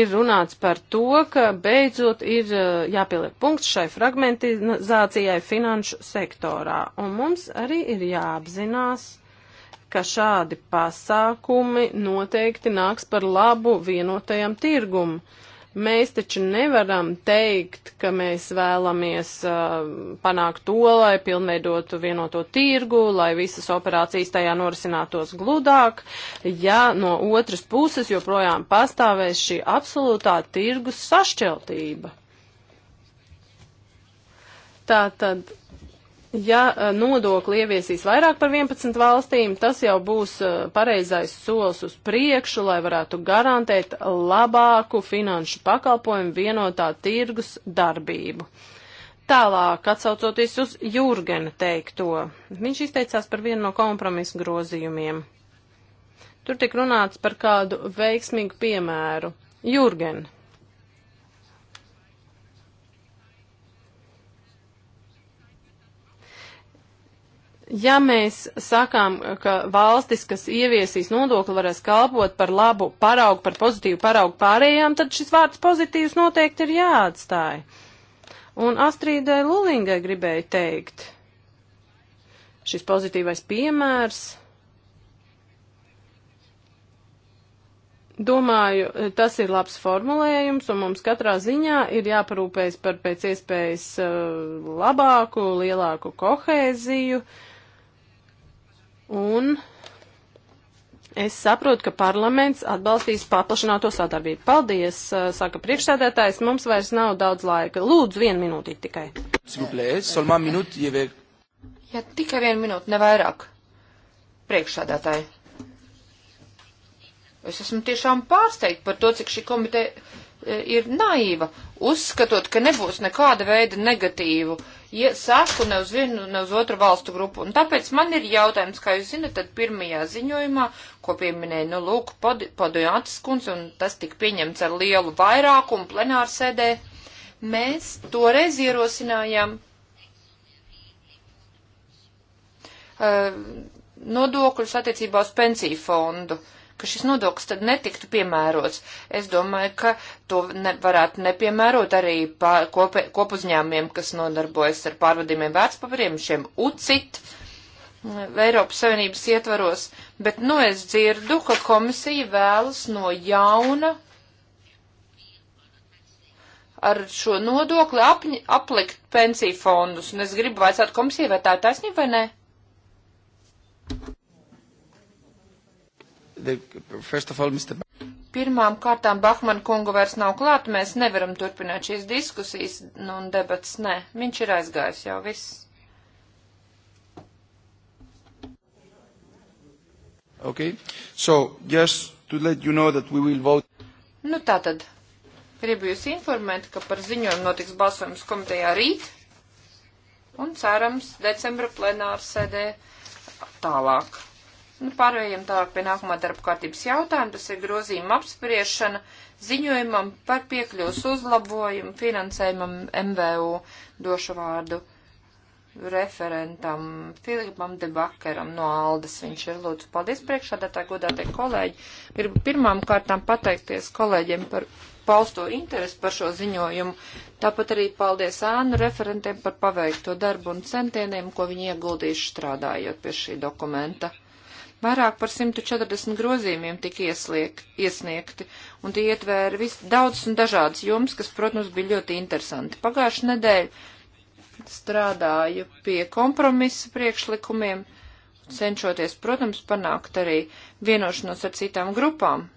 ir runāts par to, ka beidzot ir uh, jāpieliek punkts šai fragmentizācijai finanšu sektorā, un mums arī ir jāapzinās, ka šādi pasākumi noteikti nāks par labu vienotajam tirgumam. Mēs taču nevaram teikt, ka mēs vēlamies uh, panākt to, lai pilnveidotu vienoto tirgu, lai visas operācijas tajā norisinātos gludāk, ja no otras puses joprojām pastāvēs šī absolūtā tirgus sašķeltība. Tātad Ja eh, nodokli ieviesīs vairāk par 11 valstīm, tas jau būs eh, pareizais solis uz priekšu, lai varētu garantēt labāku finanšu pakalpojumu vienotā tirgus darbību. Tālāk, atsaucoties uz Jurgena teikto, viņš izteicās par vienu no kompromisu grozījumiem. Tur tik runāts par kādu veiksmīgu piemēru. Jurgen, Ja mēs sakām, ka valstis, kas ieviesīs nodokli, varēs kalpot par labu paraugu, par pozitīvu paraugu pārējām, tad šis vārds pozitīvs noteikti ir jāatstāj. Un Astrīdai Lulingai gribēju teikt, šis pozitīvais piemērs. Domāju, tas ir labs formulējums, un mums katrā ziņā ir jāparūpējas par pēc iespējas uh, labāku, lielāku kohēziju. Uh, Un es saprotu, ka parlaments atbalstīs paplašināto sadarbību. Paldies, uh, saka priekšsēdētājs, mums vairs nav daudz laika. Lūdzu, vienu minūti tikai. Ja tikai vienu minūti, nevairāk. Priekšsēdētāji. Es esmu tiešām pārsteigta par to, cik šī komiteja E, ir naiva, uzskatot, ka nebūs nekāda veida negatīvu ja saku ne uz vienu, ne uz otru valstu grupu. Un tāpēc man ir jautājums, kā jūs zinat, tad pirmajā ziņojumā, ko pieminēja, nu, lūk, Padojātas kungs, un tas tika pieņemts ar lielu vairākumu plenārsēdē, mēs toreiz ierosinājām uh, nodokļus attiecībā uz pensiju fondu. Uh, ka šis nodoklis tad netiktu piemērots. Es domāju, ka to ne, varētu nepiemērot arī pār, kop, kopuzņēmiem, kas nodarbojas ar pārvadījumiem vērtspapariem, šiem UCIT mm, Eiropas Savienības ietvaros, bet nu es dzirdu, ka komisija vēlas no jauna ar šo nodokli apņi, aplikt pensiju fondus, un es gribu vaicāt komisijai, vai tā ir taisnība vai nē the, first of all, Mr. Pirmām kārtām Bahman kungu vairs nav klāt, mēs nevaram turpināt šīs diskusijas nu, un debats, nē, viņš ir aizgājis jau viss. Okay, so just to let you know that we will vote. Nu tātad, gribu jūs informēt, ka par ziņojumu notiks balsojums komitejā rīt un cerams decembra plenārsēdē tālāk. Nu, pārējiem tālāk pie nākamā darba kārtības jautājuma, tas ir grozījuma apspriešana ziņojumam par piekļūs uzlabojumu finansējumam MVU došu vārdu referentam Filipam Debakaram no Aldas. Viņš ir lūdzu paldies priekšādātāji, godātie kolēģi. Gribu pirmām kārtām pateikties kolēģiem par pausto interesi par šo ziņojumu. Tāpat arī paldies ānu referentiem par paveikto darbu un centieniem, ko viņi ieguldījuši strādājot pie šī dokumenta Vairāk par 140 grozījumiem tika iesliek, iesniegti, un tie ietvēra vis, daudz un dažādas jomas, kas, protams, bija ļoti interesanti. Pagājušajā nedēļā strādāju pie kompromisa priekšlikumiem, cenšoties, protams, panākt arī vienošanos ar citām grupām,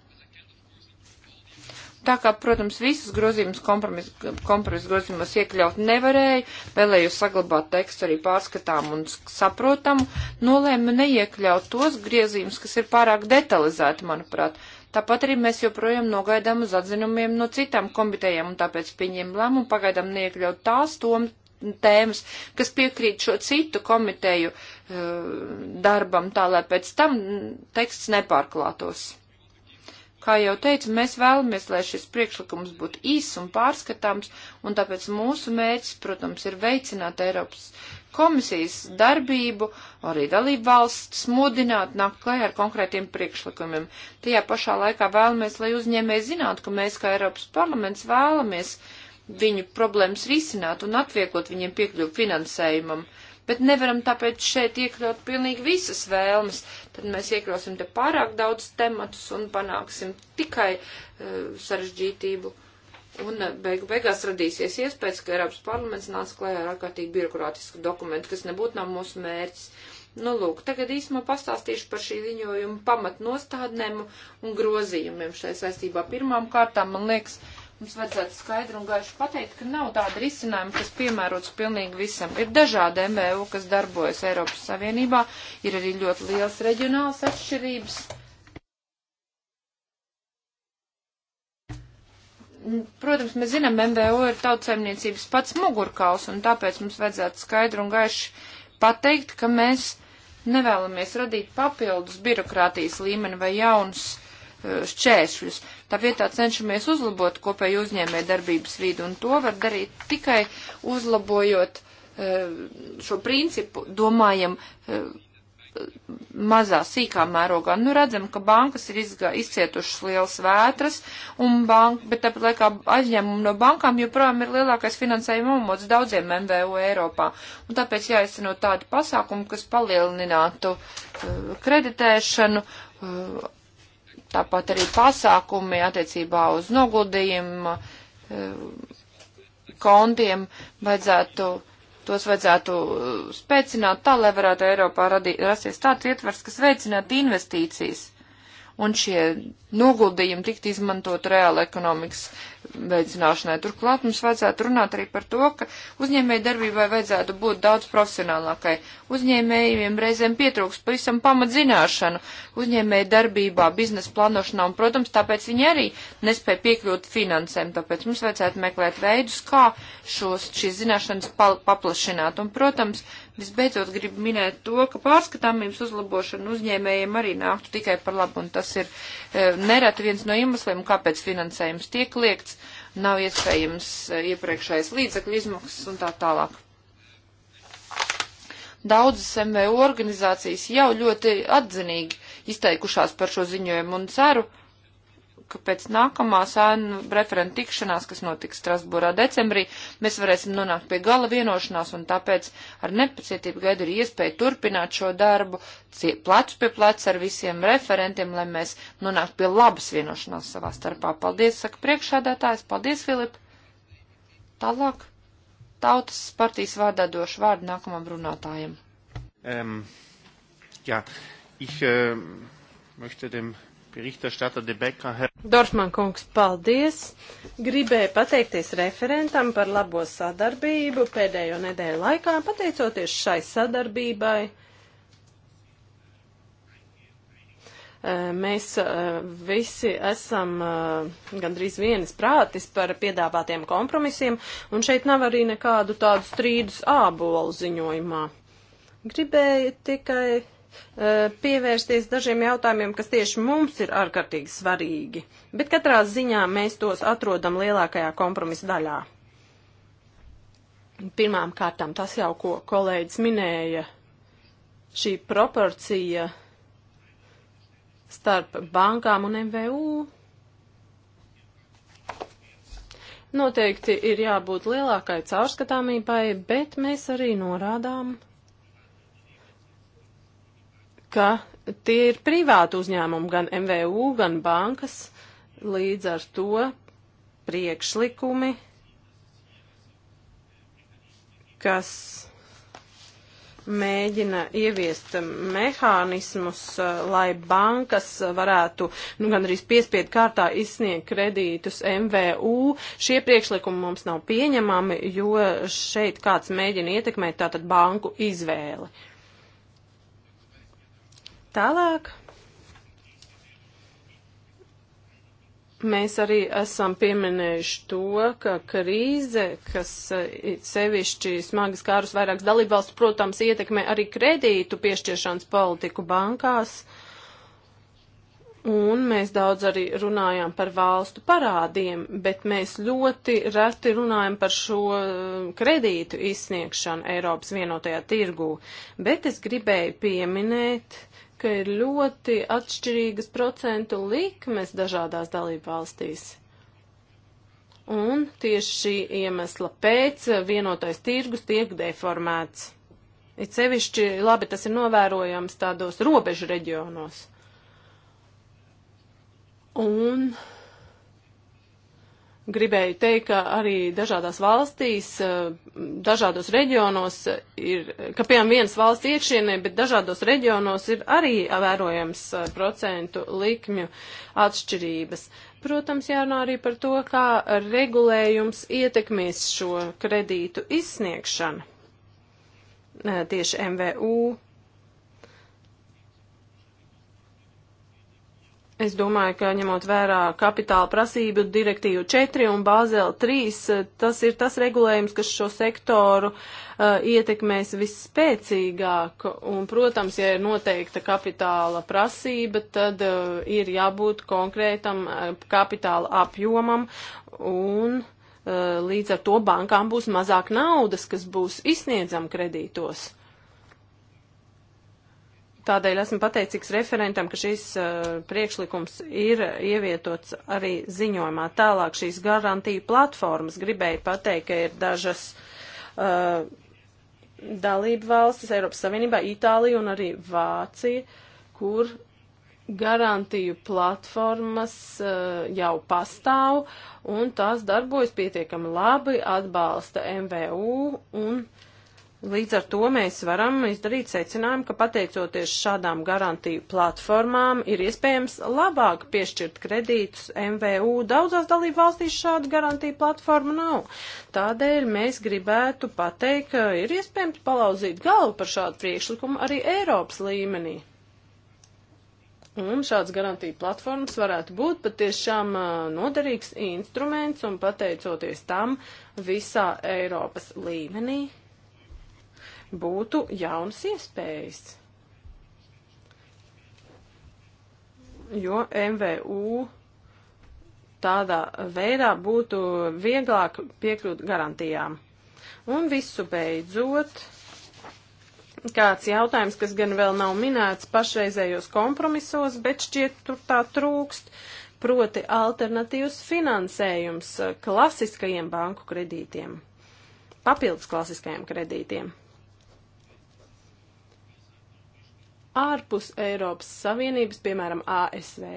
Tā kā, protams, visas grozījumus kompromisu kompromis grozījumos iekļaut nevarēju, vēlējos saglabāt tekstu arī pārskatām un saprotamu, nolēmu neiekļaut tos grozījumus, kas ir pārāk detalizēti, manuprāt. Tāpat arī mēs joprojām nogaidām uz atzinumiem no citām komitejām un tāpēc pieņem lēmumu pagaidām neiekļaut tās tom, tēmas, kas piekrīt šo citu komiteju uh, darbam, tā lai pēc tam mm, teksts nepārklātos. Kā jau teicu, mēs vēlamies, lai šis priekšlikums būtu īss un pārskatāms, un tāpēc mūsu mērķis, protams, ir veicināt Eiropas komisijas darbību, arī dalību valsts smudināt, nākt klajā ar konkrētiem priekšlikumiem. Tajā pašā laikā vēlamies, lai uzņēmēji zinātu, ka mēs kā Eiropas parlaments vēlamies viņu problēmas risināt un atvieglot viņiem piekļuvu finansējumam. Bet nevaram tāpēc šeit iekļaut pilnīgi visas vēlmes tad mēs iekļausim te pārāk daudz tematus un panāksim tikai uh, sarežģītību. Un eh, beig, beigās radīsies iespējas, ka Eiropas parlaments nāca klajā ar ārkārtīgi birokrātisku dokumentu, kas nebūtu nav mūsu mērķis. Nu, lūk, tagad īsumā pastāstīšu par šī ziņojuma pamatnostādnēm un grozījumiem šai saistībā. Pirmām kārtām, man liekas, uh, Mums vajadzētu skaidru un gaišu pateikt, ka nav tāda risinājuma, kas piemērots pilnīgi visam. Ir dažādi MVU, kas darbojas Eiropas Savienībā, ir arī ļoti liels reģionāls atšķirības. Protams, mēs zinām, MVU ir tautsēmniecības pats mugurkauls, un tāpēc mums vajadzētu skaidru un gaišu pateikt, ka mēs nevēlamies radīt papildus birokrātijas līmeni vai jaunus Eh, šķēršļus. Tā vietā cenšamies uzlabot kopēju uzņēmē darbības vidu, un to var darīt tikai uzlabojot eh, šo principu, domājam, eh, mazā, sīkā mērogā. Nu, redzam, ka bankas ir izgā, izcietušas lielas vētras, un banka, bet tāpat laikā aizņēmumi no bankām joprojām ir lielākais finansējuma omots daudziem MVU Eiropā. Un tāpēc jāizsano tādi pasākumi, kas palielinātu uh, kreditēšanu, uh, Tāpat arī pasākumi attiecībā uz noguldījumu eh, kontiem vajadzētu, tos vajadzētu eh, spēcināt tā, lai varētu Eiropā radī, rasties tāds ietvers, kas veicinātu investīcijas un šie noguldījumi tikt izmantot reāla ekonomikas veicināšanai. Turklāt mums vajadzētu runāt arī par to, ka uzņēmēju darbībai vajadzētu būt daudz profesionālākai. Uzņēmējiem reizēm pietrūks pavisam pamatzināšanu uzņēmēju darbībā, biznesa plānošanā, un, protams, tāpēc viņi arī nespēja piekļūt finansēm. Tāpēc mums vajadzētu meklēt veidus, kā šos, šīs zināšanas paplašināt. Un, protams, Visbeidzot, gribu minēt to, ka pārskatāmības uzlabošana uzņēmējiem arī nāktu tikai par labu, un tas ir e, nereti viens no iemesliem, kāpēc finansējums tiek liekts, nav iespējams e, iepriekšējais līdzekļu izmaksas un tā tālāk. Daudzas MVO organizācijas jau ļoti atzinīgi izteikušās par šo ziņojumu un ceru, ka pēc nākamās ēnu referenta tikšanās, kas notiks Strasbūrā decembrī, mēs varēsim nonākt pie gala vienošanās, un tāpēc ar nepacietību gaidu ir iespēja turpināt šo darbu plecu pie pleca ar visiem referentiem, lai mēs nonāktu pie labas vienošanās savā starpā. Paldies, saka priekšādātājs, paldies, Filip! Tālāk tautas partijas vārdā došu vārdu nākamam runātājam. Um, jā, ich, um, möchte dem Berichterstatter De Becker. Dorfman kungs, paldies! Gribēju pateikties referentam par labo sadarbību pēdējo nedēļu laikā, pateicoties šai sadarbībai. Mēs visi esam gandrīz vienas prātis par piedāvātiem kompromisiem, un šeit nav arī nekādu tādu strīdus ābolu ziņojumā. Gribēju tikai Eh, pievērsties dažiem jautājumiem, kas tieši mums ir ārkārtīgi svarīgi, bet katrā ziņā mēs tos atrodam lielākajā kompromisa daļā. Pirmām kārtām tas jau, ko kolēģis minēja, šī proporcija starp bankām un MVU Noteikti ir jābūt lielākai caurskatāmībai, bet mēs arī norādām, ka tie ir privāti uzņēmumi, gan MVU, gan bankas. Līdz ar to priekšlikumi, kas mēģina ieviest mehānismus, eh, lai bankas varētu nu, gandrīz piespiedu kārtā izsniegt kredītus MVU. Šie priekšlikumi mums nav pieņemami, jo šeit kāds mēģina ietekmēt tātad banku izvēli. Uh, Tālāk. Mēs arī esam pieminējuši to, ka krīze, kas eh, sevišķi smagas kārus vairākas dalībvalsts, protams, ietekmē arī kredītu piešķiršanas politiku bankās. Uh, Un mēs daudz arī runājām par valstu parādiem, bet mēs ļoti reti runājam par šo eh, kredītu izsniegšanu Eiropas vienotajā tirgū. Bet es gribēju pieminēt, ka ir ļoti atšķirīgas procentu likmes dažādās dalību valstīs. Un tieši šī iemesla pēc vienotais tirgus tiek deformēts. It sevišķi labi tas ir novērojams tādos robežu reģionos. Un gribēju teikt, ka arī dažādās valstīs, dažādos reģionos ir, ka piemēram vienas valsts iekšienē, bet dažādos reģionos ir arī vērojams procentu likmju atšķirības. Protams, jārunā arī par to, kā regulējums ietekmēs šo kredītu izsniegšanu tieši MVU. Es domāju, ka ņemot vērā kapitāla prasību direktīvu 4 un Bāzela 3, eh, tas ir tas regulējums, kas šo sektoru uh, ietekmēs visspēcīgāk. Un, protams, ja ir noteikta kapitāla prasība, tad uh, ir jābūt konkrētam uh, kapitāla apjomam un uh, līdz ar to bankām būs mazāk naudas, kas būs izsniedzam kredītos. Tādēļ esmu pateicīgs referentam, ka šis uh, priekšlikums ir ievietots arī ziņojumā. Tālāk šīs garantiju platformas gribēja pateikt, ka ir dažas uh, dalību valstis Eiropas Savienībā, Itālija un arī Vācija, kur garantiju platformas uh, jau pastāv un tās darbojas pietiekami labi, atbalsta MVU un. Uh, Līdz ar to mēs varam izdarīt secinājumu, ka pateicoties šādām garantiju platformām ir iespējams labāk piešķirt kredītus MVU. Daudzās dalību valstīs šādu garantiju platformu nav. Tādēļ mēs gribētu pateikt, ka ir iespējams palauzīt galvu par šādu priekšlikumu arī Eiropas līmenī. Un šāds garantija platformas varētu būt patiešām noderīgs instruments un pateicoties tam visā Eiropas līmenī būtu jaunas iespējas. Jo MVU tādā veidā būtu vieglāk piekļūt garantijām. Un visu beidzot, kāds jautājums, kas gan vēl nav minēts pašreizējos kompromisos, bet šķiet tur tā trūkst, proti alternatīvs finansējums klasiskajiem banku kredītiem, papildus klasiskajiem kredītiem. ārpus Eiropas Savienības, piemēram, ASV,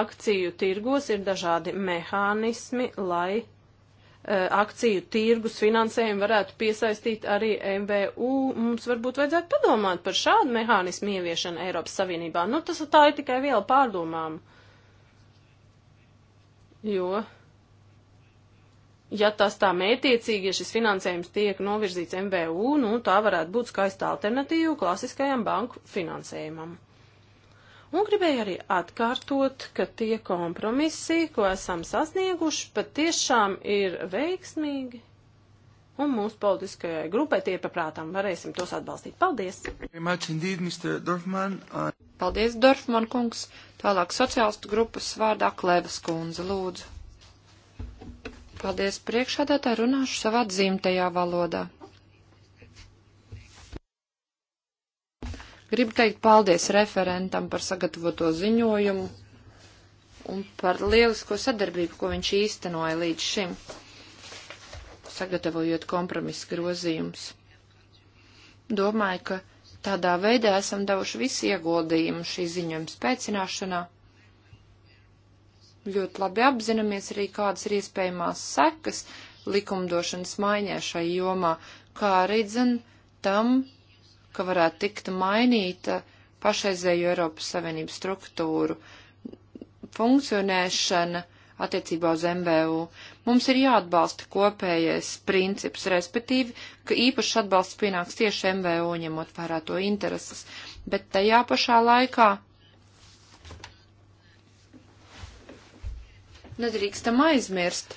akciju tirgos ir dažādi mehānismi, lai e, akciju tirgus finansējumu varētu piesaistīt arī MVU. Mums varbūt vajadzētu padomāt par šādu mehānismu ieviešanu Eiropas Savienībā. Nu, tas tā ir tikai viela pārdomām. Jo ja tas tā mētiecīgi, ja šis finansējums tiek novirzīts MVU, nu tā varētu būt skaista alternatīva klasiskajam banku finansējumam. Un gribēju arī atkārtot, ka tie kompromisi, ko esam sasnieguši, patiešām ir veiksmīgi. Un mūsu politiskajai grupai tie paprātām varēsim tos atbalstīt. Paldies! Uh, Paldies, Dorfman kungs! Tālāk sociālistu grupas vārdā Klevas kundze, lūdzu. Paldies priekšādātā, runāšu savā dzimtajā valodā. Gribu teikt paldies referentam par sagatavoto ziņojumu un par lielisko sadarbību, ko viņš īstenoja līdz šim, sagatavojot kompromisu grozījumus. Domāju, ka tādā veidā esam devuši visu ieguldījumu šī ziņojuma spēcināšanā ļoti labi apzināmies arī, kādas ir iespējamās sekas likumdošanas maiņā šai jomā, kā arī dzen tam, ka varētu tikt mainīta pašreizējo Eiropas Savienības struktūru funkcionēšana attiecībā uz MVU. Mums ir jāatbalsta kopējais princips, respektīvi, ka īpašs atbalsts pienāks tieši MVU, ņemot vērā to intereses, bet tajā pašā laikā nedrīkstam aizmirst,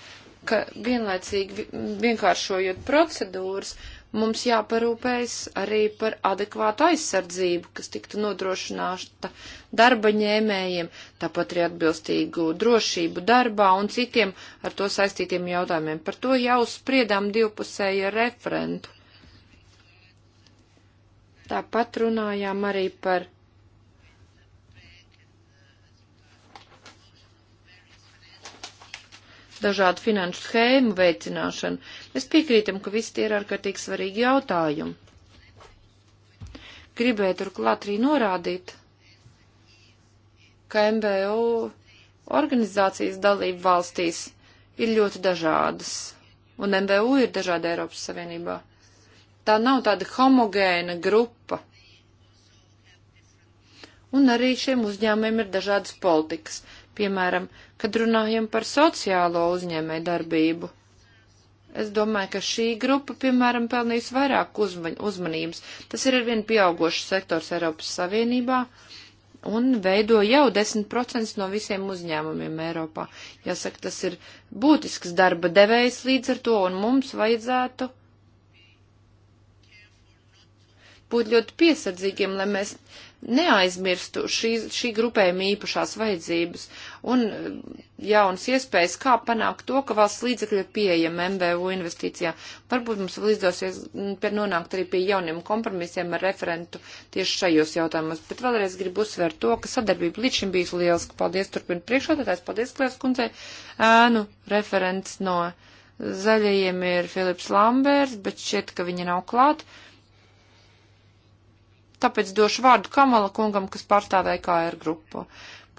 ka vienlaicīgi vienkāršojot procedūras, mums jāparūpējas arī par adekvātu aizsardzību, kas tiktu nodrošināta darba ņēmējiem, tāpat arī atbilstīgu drošību darbā un citiem ar to saistītiem jautājumiem. Par to jau spriedām divpusēja referentu. Tāpat runājām arī par dažādu finanšu schēmu veicināšanu. Mēs piekrītam, ka visi tie ir ārkārtīgi svarīgi jautājumi. Gribēju turklāt arī norādīt, ka MBO organizācijas dalība valstīs ir ļoti dažādas, un MBU ir dažāda Eiropas Savienībā. Tā nav tāda homogēna grupa. Un arī šiem uzņēmumiem ir dažādas politikas. Piemēram, kad runājam par sociālo uzņēmē darbību. Es domāju, ka šī grupa, piemēram, pelnīs vairāk uzman uzmanības. Tas ir arvien pieaugošs sektors Eiropas Savienībā un veido jau 10% no visiem uzņēmumiem Eiropā. Jāsaka, tas ir būtisks darba devējs līdz ar to, un mums vajadzētu būt ļoti piesardzīgiem, lai mēs neaizmirstu šī, šī grupējuma īpašās vajadzības un eh, jaunas iespējas, kā panākt to, ka valsts līdzekļi ir pieejami MVU investīcijā. Varbūt mums vēl izdosies mm, nonākt arī pie jauniem kompromisiem ar referentu tieši šajos jautājumos, bet vēlreiz gribu uzsvērt to, ka sadarbība līdz šim bijusi lieliska. Paldies, turpina priekšādātājs, paldies, Klērs kundzei, ēnu referents no zaļajiem ir Filips Lambērs, bet šķiet, ka viņa nav klāt. Uh, Tāpēc došu vārdu Kamala kungam, kas pārstāvēja KR grupu.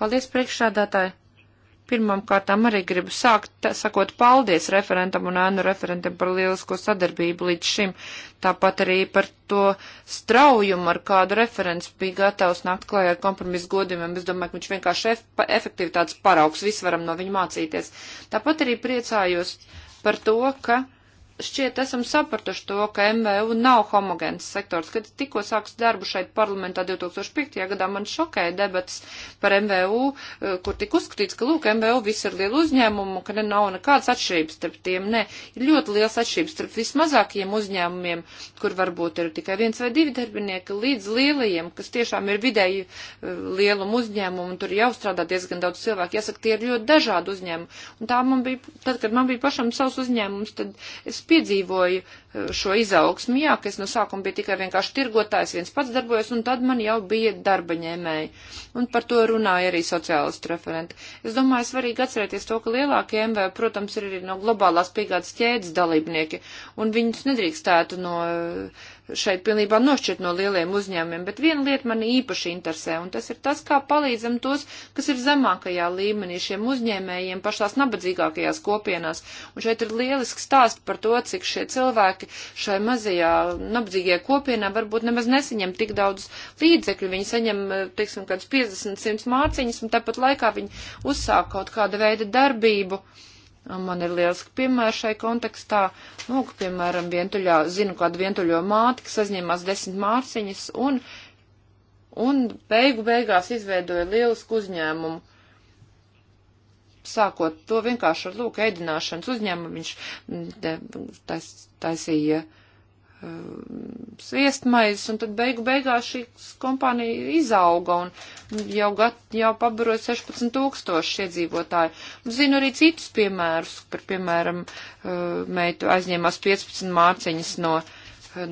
Paldies priekšsādātāji! Pirmām kārtām arī gribu sākt, tā, sakot paldies referentam un ēnu referentam par lielisko sadarbību līdz šim, tāpat arī par to straujumu, ar kādu referents bija gatavs nākt klājā ar kompromisu godījumiem. Es domāju, ka viņš vienkārši ef efektivitātes paraugs, visi varam no viņa mācīties. Tāpat arī priecājos par to, ka šķiet esam sapratuši to, ka MVU nav homogēns sektors. Kad tikko sāks darbu šeit parlamentā 2005. gadā, man šokēja debats par MVU, eh, kur tika uzskatīts, ka, lūk, MVU viss ir liela uzņēmuma, ka ne nav nekādas atšķirības starp tiem. Nē, ir ļoti liels atšķirības starp vismazākajiem uzņēmumiem, kur varbūt ir tikai viens vai divi darbinieki, līdz lielajiem, kas tiešām ir vidēji eh, lielumu uzņēmumu, un tur jau strādā diezgan daudz cilvēku. Jāsaka, tie ir ļoti dažādi uzņēmumi. Un tā man bija, tad, kad man bija pašam savs uzņēmums, tad es piedzīvoju eh, šo izaugsmu. Jā, ka es no sākuma biju tikai vienkārši tirgotājs, viens pats darbojos, un tad man jau bija darba ņēmēji. Un par to runāja arī sociālistu referenti. Es domāju, svarīgi atcerēties to, ka lielākie MV, protams, ir arī no globālās piegādes ķēdes dalībnieki, un viņus nedrīkstētu no uh, šeit pilnībā nošķirt no lieliem uzņēmumiem, bet viena lieta man īpaši interesē, un tas ir tas, kā palīdzam tos, kas ir zemākajā līmenī, šiem uzņēmējiem pašās nabadzīgākajās kopienās. Un šeit ir lieliski stāst par to, cik šie cilvēki šai mazajā nabadzīgajā kopienā varbūt nemaz nesaņem tik daudz līdzekļu. Viņi saņem, teiksim, kāds 50-100 mārciņas, un tāpat laikā viņi uzsāk kaut kāda veida darbību. Thank you Man ir lieliski piemēri šai kontekstā. Nu, piemēram, vientuļā, zinu kādu vientuļo māti, kas aizņēmās desmit mārciņas un, un beigu beigās izveidoja lielisku uzņēmumu. Sākot to vienkārši ar lūk ēdināšanas uzņēmumu, viņš mm, tais, taisīja. Tais, Um, sviestmaizes, un tad beigu beigās šī kompānija izauga un jau, gat, jau pabaroja 16 tūkstoši iedzīvotāji. Zinu arī citus piemērus, par piemēram, uh, meitu aizņēmās 15 mārciņas no,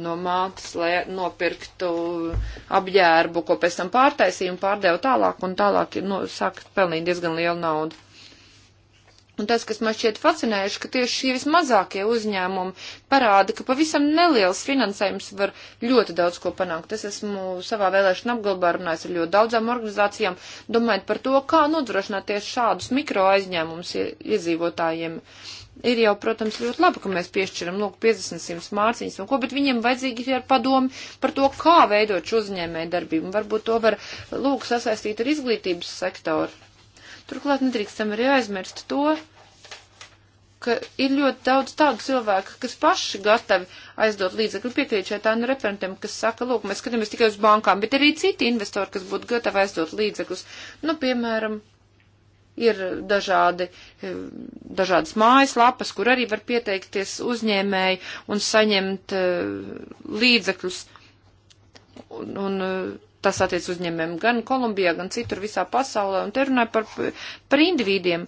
no mātes, lai nopirktu apģērbu, ko pēc tam pārtaisīja un pārdeva tālāk, un tālāk no, nu, sāka pelnīt diezgan lielu naudu. Un tas, kas man šķiet fascinējuši, ka tieši šie vismazākie uzņēmumi parāda, ka pavisam neliels finansējums var ļoti daudz ko panākt. Es esmu savā vēlēšana apgalbā runājis ar ļoti daudzām organizācijām, domājot par to, kā nodrošināt tieši šādus mikro aizņēmumus iedzīvotājiem. Ir jau, protams, ļoti labi, ka mēs piešķiram, lūk, 50-100 mārciņas un ko, bet viņiem vajadzīgi ir padomi par to, kā veidot šo uzņēmē darbību. Un varbūt to var, lūk, sasaistīt ar izglītības sektoru Turklāt nedrīkstam arī aizmirst to, ka ir ļoti daudz tādu cilvēku, kas paši gatavi aizdot līdzekļu piekrītšai tādu referentiem, kas saka, lūk, mēs skatāmies tikai uz bankām, bet arī citi investori, kas būtu gatavi aizdot līdzekļus. Nu, piemēram, ir dažādi, eh, dažādas mājaslapas, kur arī var pieteikties uzņēmēji un saņemt uh, līdzekļus. Un, un uh, Tas attiec uzņēmumiem gan Kolumbijā, gan citur visā pasaulē, un te runāja par, par individiem.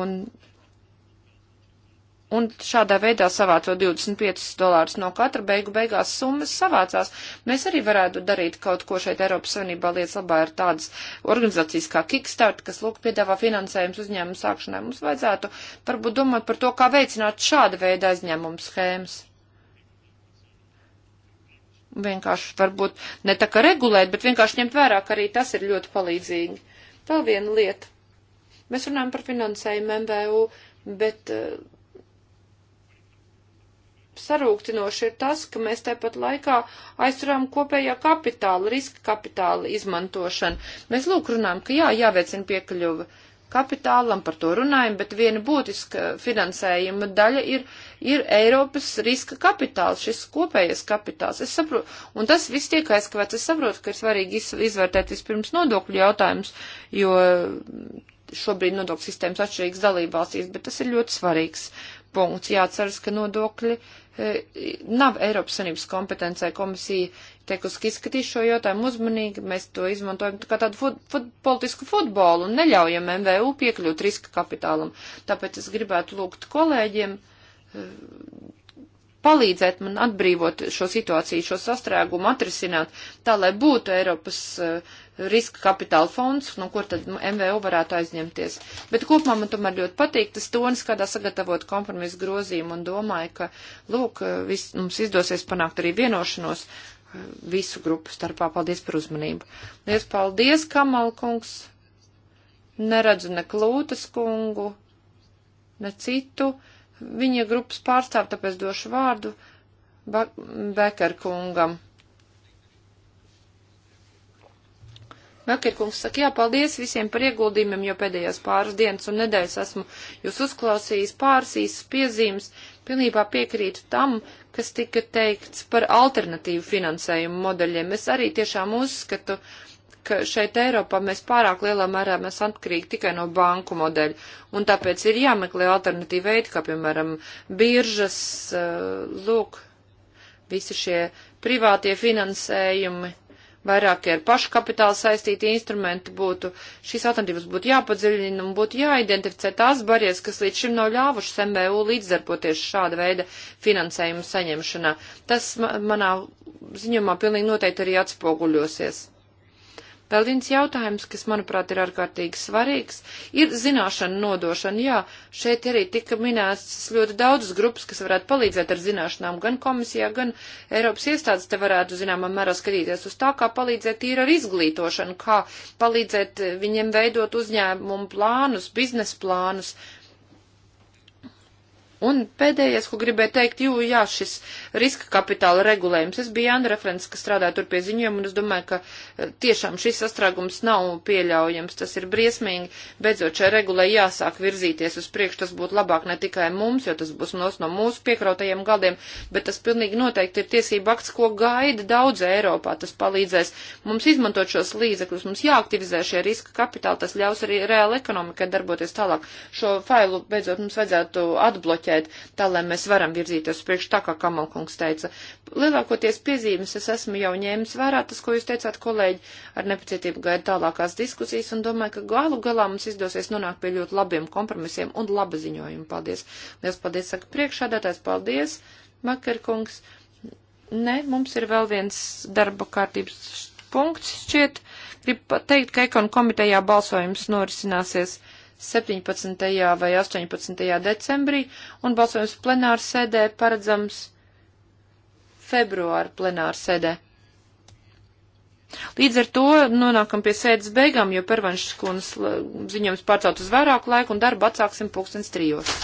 Un, un šādā veidā savāco 25 dolārus no katra beigu beigās summas savācās. Mēs arī varētu darīt kaut ko šeit Eiropas Savienībā lietas labā ir tādas organizācijas kā Kickstart, kas lūk piedāvā finansējums uzņēmumu sākšanai. Mums vajadzētu varbūt domāt par to, kā veicināt šāda veida aizņēmumu schēmas vienkārši varbūt ne tā kā regulēt, bet vienkārši ņemt vērā, ka arī tas ir ļoti palīdzīgi. Vēl viena lieta. Mēs runājam par finansējumu MVU, bet uh, sarūktinoši ir tas, ka mēs tāpat laikā aizturām kopējā kapitāla, riska kapitāla izmantošanu. Mēs lūk runājam, ka jā, jāveicina piekļuva. Uh, kapitālam, par to runājam, bet viena būtiska finansējuma daļa ir, ir Eiropas riska kapitāls, šis kopējais kapitāls. Es saprotu, un tas viss tiek aizskavēts. Es saprotu, ka ir svarīgi izvērtēt vispirms nodokļu jautājumus, jo šobrīd nodokļu sistēmas atšķirīgas dalībvalstīs, bet tas ir ļoti svarīgs punkts. Jāceras, ka nodokļi eh, nav Eiropas Sanības kompetencē. Komisija teikusi, izskatīs šo jautājumu uzmanīgi, mēs to izmantojam kā tādu fut, fut, politisku futbolu un neļaujam MVU piekļūt riska kapitālam. Tāpēc es gribētu lūgt kolēģiem eh, palīdzēt man atbrīvot šo situāciju, šo sastrēgumu atrisināt, tā lai būtu Eiropas uh, riska kapitāla fonds, no kur tad MVU varētu aizņemties. Bet kopumā man tomēr ļoti patīk tas tonis, kādā sagatavot kompromisu grozījumu un domāju, ka, lūk, eh, vis, mums izdosies panākt arī vienošanos visu grupu starpā. Paldies par uzmanību. Lies paldies, Kamal kungs. Neredzu ne Klūtas kungu, ne citu. Viņa grupas pārstāv, tāpēc došu vārdu Bekar kungam. Vakirkungs saka, jā, paldies visiem par ieguldījumiem, jo pēdējās pāris dienas un nedēļas esmu jūs uzklausījis pāris īsas piezīmes, Pilnībā piekrītu tam, kas tika teikts par alternatīvu finansējumu modeļiem. Es arī tiešām uzskatu, ka šeit Eiropā mēs pārāk lielā mērā mēs atkarīgi tikai no banku modeļa, un tāpēc ir jāmeklē alternatīva veida, kā piemēram biržas, eh, lūk, visi šie privātie finansējumi vairāk ar paškapitālu saistīti instrumenti būtu, šīs alternatīvas būtu jāpadziļina un būtu jāidentificē tās barjeras, kas līdz šim nav ļāvušas MVU līdzdarboties šāda veida finansējumu saņemšanā. Tas manā ziņumā pilnīgi noteikti arī atspoguļosies. Vēl viens jautājums, kas, manuprāt, ir ārkārtīgi svarīgs, ir zināšana nodošana. Jā, šeit arī tika minēts ļoti daudzas grupas, kas varētu palīdzēt ar zināšanām. Gan komisijā, gan Eiropas iestādes te varētu, zināmā mērā, skatīties uz tā, kā palīdzēt ir ar izglītošanu, kā palīdzēt viņiem veidot uzņēmumu plānus, biznesa plānus, Un pēdējais, ko gribēju teikt, jū, jā, šis riska kapitāla regulējums. Es biju Anna referents, kas strādāja tur pie ziņojuma, un es domāju, ka e, tiešām šis sastrāgums nav pieļaujams. Tas ir briesmīgi. Beidzot, šai regulē jāsāk virzīties uz priekšu. Tas būtu labāk ne tikai mums, jo tas būs nos no mūsu piekrautajiem galdiem, bet tas pilnīgi noteikti ir tiesība akts, ko gaida daudz Eiropā. Tas palīdzēs mums izmantot šos līdzekļus. Mums jāaktivizē šie riska kapitāli. Tas ļaus arī reāli ekonomikai darboties tālāk. Šo failu beidzot mums vajadzētu atbloķēt bloķēt, tā lai mēs varam virzīties priekš tā, kā Kamalkungs teica. Lielākoties piezīmes es esmu jau ņēmis vērā, tas, ko jūs teicāt, kolēģi, ar nepacietību gaida tālākās diskusijas un domāju, ka galu galā mums izdosies nonākt pie ļoti labiem kompromisiem un laba ziņojuma. Paldies! Liels paldies, saka priekšādātājs, paldies, Makarkungs! Nē, mums ir vēl viens darba kārtības punkts šķiet. Gribu teikt, ka ekonu komitejā balsojums norisināsies 17. vai 18. decembrī, un balsojums plenāra sēdē paredzams februāra plenāra sēdē. Līdz ar to nonākam pie sēdes beigām, jo pervenšas kundas eh, ziņojums pārcelt uz vairāku laiku un darbu atsāksim pulkstens trijos.